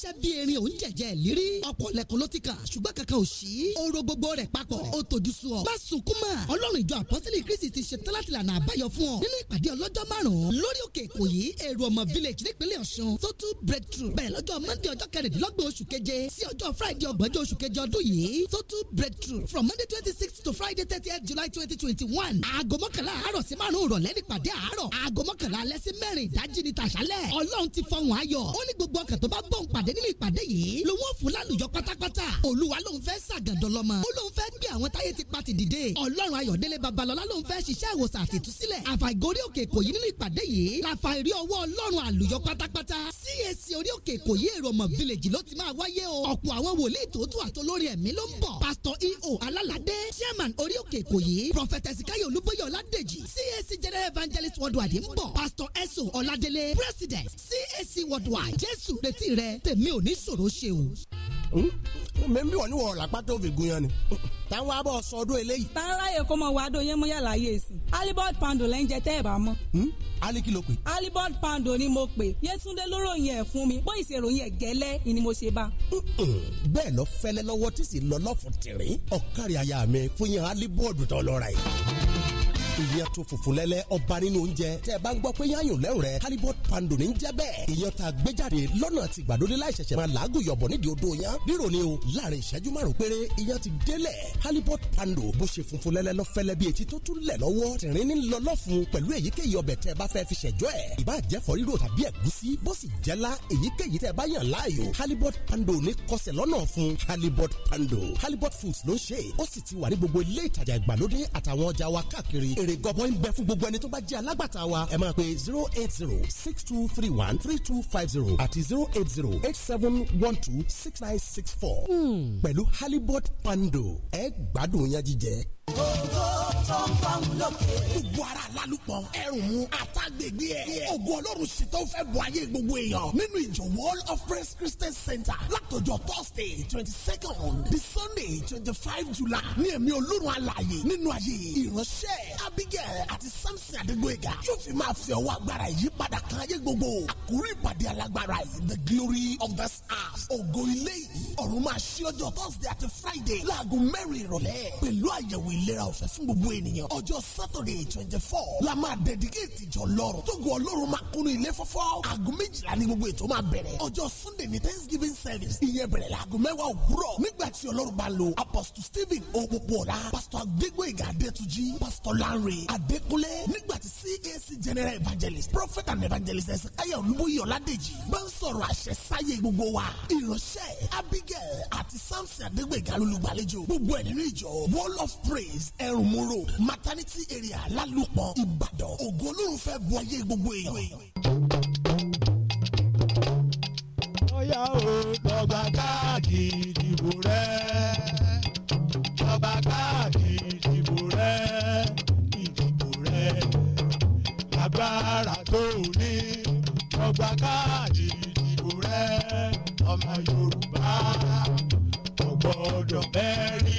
ṣẹ́ bí erin òun jẹ̀jẹ̀ lérí ọ̀pọ̀ lẹ́kọ̀ọ́ ló ti kà ṣùgbọ́n kankan ò sí oró gbogbo rẹ̀ papọ̀ ó tòjú sú ọ. má sunkún mọ́ ọlọ́run ìjọ àpọ́sílẹ̀ kristi ti ṣe tán láti lànà àbáyọ fún ọ nínú ìpàdé ọlọ́jọ́ márùn-ún lórí òkè ìkòyí èrò ọmọ village nípínlẹ̀ ọ̀ṣun tó breakthrough bẹ́ẹ̀ lọ́jọ́ monday ọjọ́ kẹrìndínlọ́gbọ̀n oṣù keje sí ọjọ́ friday ọgbọ̀njọ́ oṣù keje ọdún yìí tó breakthrough from monday twenty six to friday thirtieth july twenty twenty one nínú ìpàdé yìí lòun ò fún lálùjọ pátápátá olúwa lòun fẹ́ ṣàgàdọ̀ lọ́mọ ó lòun fẹ́ gbé àwọn táyé ti pa ti dìde ọlọ́run ayọ̀délé babalọ́lá lòun fẹ́ ṣiṣẹ́ ìwòsàn àti ìtúsílẹ̀ àfàìgórí òkè èkó yìí nínú ìpàdé yìí làfà ìrí ọwọ́ ọlọ́run àlùyọ pátápátá CAC orí òkè èkó yìí èrò ọmọ village ló ti máa wáyé o ọ̀pọ̀ àwọn wòlíì tòótọ́ àtolórí ẹ̀mí ló ń bọ̀ pásítọ̀ E.O. alálàdé chairman orí òkè èkó yìí prọfẹtẹ sikayo olúbóyè ọládèjì CAC general evangelist worldwide ń bọ̀ pásítọ̀ eso ọládélé president CSC worldwide jésù retí rẹ èmi ò ní sọ̀rọ̀ ṣe o. mẹ́mbí wọ̀ ní wọ̀ làpá tó fi gun yan ni táwọn abọ́ sọ ọdún eléyìí. tá a ráyè kó mọ wàá dó yẹn mú yàrá yé e sí. alibod pando lẹ́ ń jẹ tẹ́ ẹ̀ bá mọ́. Hmm? ali kí ló pè. pando ni mo pè yétúndé ló ròyìn fún mi bó ìṣèròyìn ẹ̀ gẹ́lẹ́ ni mo ṣe bá. Hmm, bẹ́ẹ̀ lọ fẹ́lẹ́ lọ́wọ́ tí sì lọ lọ́fọ̀ọ́ tìrín ọ̀kárí aya mi fún yẹn alibod tó lọ́ra yìí ìyẹn tó funfun lẹ́lẹ́ ọba nínú oúnjẹ tẹ́ ẹ bá ń gbọ́ pé yáyùn lẹ́rù rẹ halibut pando ní jẹ́ bẹ́ẹ̀ ìyẹn tá a gbé jáde lọ́nà àti ìgbàlódé láìṣẹ̀ṣẹ̀ máa làágùn yọ̀bọ̀ nídìí odò yẹn rírò ni o láàrin ìṣẹ́jú márùn péré ìyẹn ti délẹ̀ halibut pando bó ṣe funfun lẹ́lẹ́ lọ́fẹ́lẹ́ bí etí tó tún lẹ̀ lọ́wọ́ tìrín ní lọ́lọ́fun pẹ̀lú èyíkéyìí ọbẹ̀ tẹ́ ẹ bá fẹ́ fi ṣẹ̀jọ́ ẹ̀ ìbá jẹ́ fọ èrè gọbọi ń bẹ fún gbogbo ẹni tó bá jẹ́ alágbàtà wa ẹ máa pe zero eight zero six two three one three two five zero àti zero eight zero eight seven one two six nine six four hmm. pẹ̀lú halibut pando ẹ gbádùn yẹn jíjẹ gbogbo ara lálùpọ̀ ẹrù mu àtàgbègbè ẹ̀ ògo ọlọ́run ṣètò fẹ́ bọ̀ ayé gbogbo èèyàn nínú ìjọ wall of praise christian center látọjọ́ thursday twenty second di sunday twenty five july ní ẹ̀mí ọlọ́run alààyè nínú ayé ìránṣẹ́ abigail àti samson adégbòyega yóò fi máa fi ọwọ́ agbára ìyípadà kan ayé gbogbo àkórí ìpàdé alágbára yìí the glory of this house ògo ilé yìí ọ̀run máa ṣí ọjọ́ thursday àti friday láago mẹ́rin ìrọ̀lẹ́ pẹ̀lú àyẹ̀wò ìlera ọ̀fẹ́ fún gbogbo ènìyàn ọjọ́ sátọ̀dẹ̀ twenty four la máa dẹ̀díkéètì jọ lọ́rùn tógo ọlọ́run máa kunu ilé fọ́fọ́ aago méjìlá ni gbogbo ètò máa bẹ̀rẹ̀ ọjọ́ sunday ni thanksgiving service ìyẹn bẹ̀rẹ̀ láago mẹ́wàá òwúrọ̀ nígbà tí ọlọ́run bá lo apostle stephen opopola pastor adégbòyìgá adétúnjì pastor lanre adékúnlé nígbà tí cac general evangelist prophet and evangelist ẹ̀sìn káyọ̀ olúbóyè ọ̀làdèjì bá ń sọ̀rọ̀ àṣẹ sáyé gbogbo wa ìránṣẹ́ abigail àti samson adégbòyìgá lólùgbàlejò gbogbo ẹ̀ nínú ìjọ wall of prayer praise ẹrùmúrò maternity area lálùpọ̀ ìbàdàn ògo olórun fẹ́ bu ayé gbogbo èèyàn. lọ́yà o lọ́gbà káàdì ìdìbò rẹ̀ lọ́gbà káàdì ìdìbò rẹ̀ ìdìbò rẹ̀ lágbára tó ní lọ́gbà káàdì ìdìbò rẹ̀ ọmọ yorùbá ọgbọ́dọ̀ bẹ́ẹ̀ rí.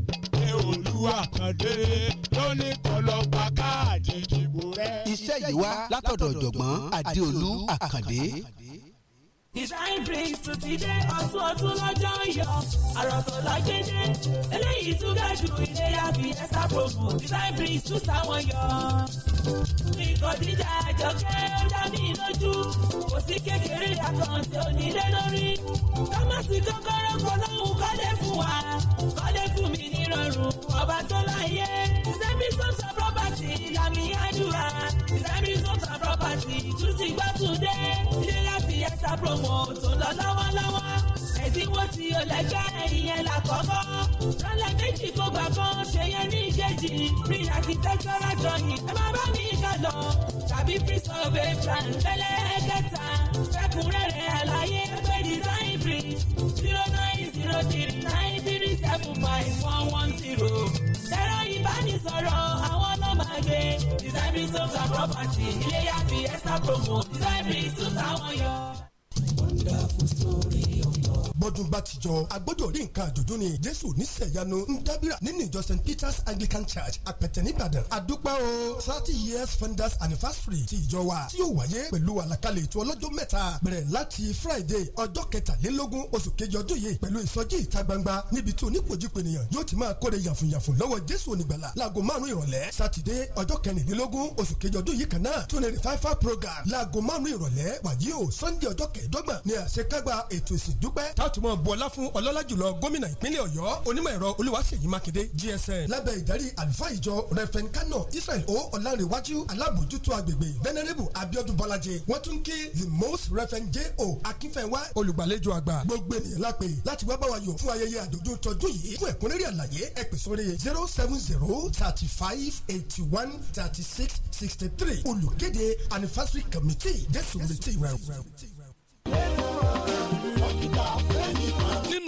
olú àkàndé lónìí kọ́ lọ gba káàdì ìdìbò rẹ. iṣẹ́ yìí wá látọ̀dọ̀ ọ̀jọ̀gbọ́n adéolú àkàndé. Design brings to ti dé ọ̀tún ọ̀tún lọ́jọ́ yọ. Àròsọ lágbẹ́dẹ́, eléyìí tún ga jù ìléyà fi ẹ́sà promo. Design brings tún sáwọn yọ. Nǹkan jíjà àjọkẹ́ ó dá mi lójú. Kò sí kékeré àkànṣe onílé lórí. Ká má sí kọ́kọ́rọ́ kọ́ lóhùn kọ́lé fún wa. Kọ́lé fún mi ní rọrùn ọba tó láyé Zebby Homes and Property lami àdúrà Zebby Homes and Property tún ti gbọ́ tún dé ilé láti ẹ̀sà promo tó lọ lọ́wọ́lọ́wọ́ ẹ̀dínwó tí o lè jẹ́ ìyẹn là kọ́kọ́. Lọ́lẹ̀ méjì kó gbà kan ṣe yẹn ní ìkejì. Free architectural drawing ẹ máa bá mi kà lọ. Tàbí free survey plan lẹ́lẹ́kẹta. Fẹ́kúnrẹ́rẹ́ àlàyé pé design print zero nine zero three nine seven five one one zero. ẹ̀rọ ìbánisọ̀rọ̀ àwọn ọlọ́màgbé design homes and property ilé yá fi extra promo design tún táwọn yọ. wonderful story bọ́dún bá ti jọ a gbọ́dọ̀ rí nǹkan àjòjò ni jésù níṣẹ̀yanu ń dábìrà nínú ìjọ st peter's anglican church àpẹtẹ nìbàdàn àdúpẹ́ o thirty years founders anniversary ti ìjọ wa tí yóò wáyé pẹ̀lú àlàkalẹ̀ ètò ọlọ́jọ́ mẹ́ta bẹ̀rẹ̀ láti friday ọjọ́ kẹtàlélógún oṣù kejì ọdún yìí pẹ̀lú ìsọjí ìta gbangba níbi tí oníkojúpènìyàn yóò ti máa kórè yàfùnyàfùn lọ́wọ́ jésù onígbàlà láago márùn ìrọ̀lẹ́ sátidé ọjọ́ kẹrìnlélógún oṣù kejì ọdún yìí kan náà tún ní revival program láago márùn ìrọ̀lẹ́ wàyí o sunday ọjọ́ kẹẹ̀dọ́gbọ̀n ni àṣekágbá ètò ìsìndúpẹ́ tá láti mọ bu ọlá fún ọlọ́lá jùlọ gómìnà ìpínlẹ̀ ọ̀yọ́ onímọ̀ ẹ̀rọ olúwaṣèyí mákindé gsm. lábẹ́ ìdarí àlùfáà ìjọ rẹfẹ̀n kánò israel o ọ̀làǹrẹ̀wájú alábòjútó agbègbè venerable abiodun bọ́lájẹ wọ́n tún ké the most rẹfẹ̀n j o akínfẹ́wá olùgbàlejò àgbà gbogbo ènìyàn lápè láti wá bá wa yọ̀ fún ayẹyẹ àjọ̀dún tọdún yìí fún ẹ̀kúnrẹ́rẹ́ àlàyé ẹ pè sórí zero seven zero thirty five eighty one thirty six sixty three olùkéde anniversary committee jésù retí rẹ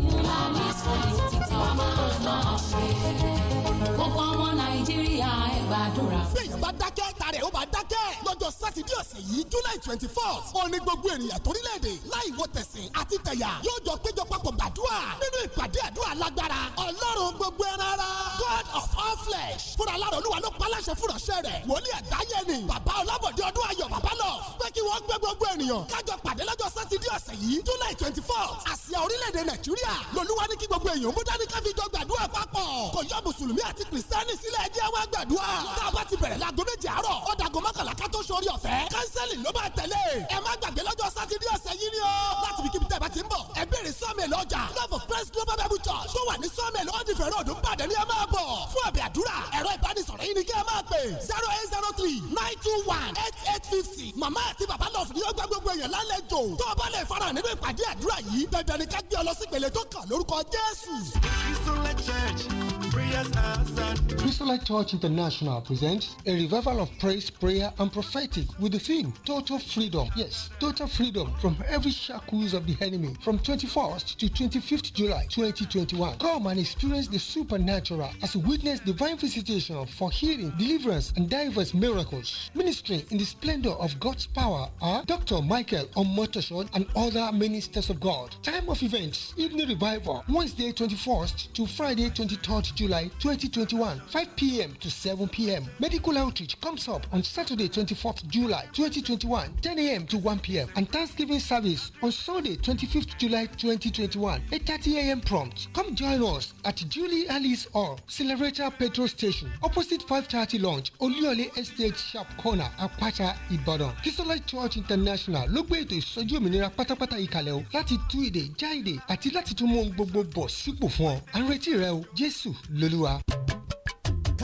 ìlànà ìsọ̀lẹ̀ títí wàá máa lọ́ọ́ ṣe gbogbo ọmọ nàìjíríà ẹ̀ gbàdúrà. bẹ́ẹ̀ bá dákẹ́ tarẹ̀ ó bá dákẹ́. lọ́jọ́ sátidé ọ̀sẹ̀ yìí july twenty fourth òní gbogbo ènìyàn torílẹ̀-èdè láì wo tẹ̀sìn àti tẹ̀yà yóò jọ péjọ papọ̀ gbàdúrà nínú ìpàdé àdúrà lágbára ọlọ́run gbogbo ẹran ara god of all flesh fúnra lára olúwa ló paláṣẹ fúnraṣẹ rẹ̀ wòlíì àgbáyé ni bàbá ọlábọ̀dé ọdún ayọ̀ bàbá lọ pé kí wọ́n gbé gbogbo ènìyàn kájọ pàdé lọ́jọ́ sátidé ọ̀sẹ̀ yìí july twenty four àsìá orílẹ̀-èdè nàìjíríà lolúwa ní kí gbogbo èèyàn mú dání káfíjọ gbàdúrà papọ̀ kò yọ mùsùlùmí àti kìrìsìtánì sílẹ̀ ẹjẹ́ wá gbàdúrà tá a bá ti bẹ̀rẹ̀ láago méje àárọ̀ ó dàgọ́ mọ́kànlá ká tó sórí ọ̀fẹ́ kánsẹ́lì ló máa tẹ̀lé ẹ má gbàgbé lọ́jọ́ sátidé ọ̀sẹ̀ yìí ni ó láti bìkí tẹ̀ bá ti ń bọ̀ ẹ béèrè sọ́ọ̀mẹ̀lì ọjà love of christ global bible church tó wà ní sọ́ọ̀mẹ̀lì ọ̀dìfẹ̀rẹ̀ ọ̀dún bàdàn ni ẹ máa bọ̀ fún àbẹ̀ àdúrà ẹ̀rọ ìbánisọ̀rọ̀ yìí ni kí Christolite Church International presents a revival of praise, prayer, and prophetic with the theme Total Freedom. Yes, total freedom from every shackles of the enemy from 21st to 25th July 2021. Come and experience the supernatural as you witness divine visitation for healing, deliverance, and diverse miracles. Ministering in the splendor of God's power are Dr. Michael Omotoshon and other ministers of God. Time of events, evening revival, Wednesday 21st to Friday 23rd July. July 2021, 5 p.m. to 7 p.m. Medical outreach comes up on Saturday 24th July 2021, 10 a.m. to 1 p.m. and Thanksgiving service on Sunday 25th July 2021, 8.30 a.m. prompt. Come join us at Julie Alice Hall, Accelerator Petrol Station, opposite 530 Lounge, Oluyole Estate Sharp Corner, Apata, Ibadan. Christolite Church International ló gbé ètò ìsọjú òmìnira pátápátá yìí kalẹ̀ o láti tú ìdè já ìdè àti láti tún mú gbogbo bọ̀ lolúwa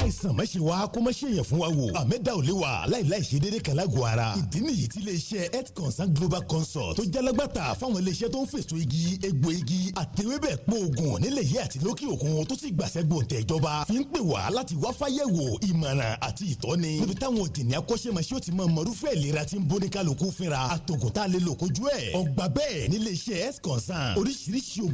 àìsàn má ṣe wa kó má ṣe yẹn fún wa wò àmẹ́dá ò lè wa láìláì ṣe déédéé kan lágọ̀ọ́ ara ìdí nìyí tí iléeṣẹ́ health consult global consult tó jalagbàtà fáwọn iléeṣẹ́ tó ń fèsò igi egbò igi àtẹwébẹ̀ pòògùn nílẹ̀ yìí àti lókè òkun tó sì gbàṣẹ́ gbòǹtẹ̀ ìjọba fi ń pè wá láti wá fáyẹ̀wò ìmọ̀ràn àti ìtọ́ni níbi táwọn òtẹ̀ní akọ́ṣẹ́mọṣẹ́ ò ti mọ mọ̀rúfẹ́ ìlera tí ń bóni kálukú fínra àtògùn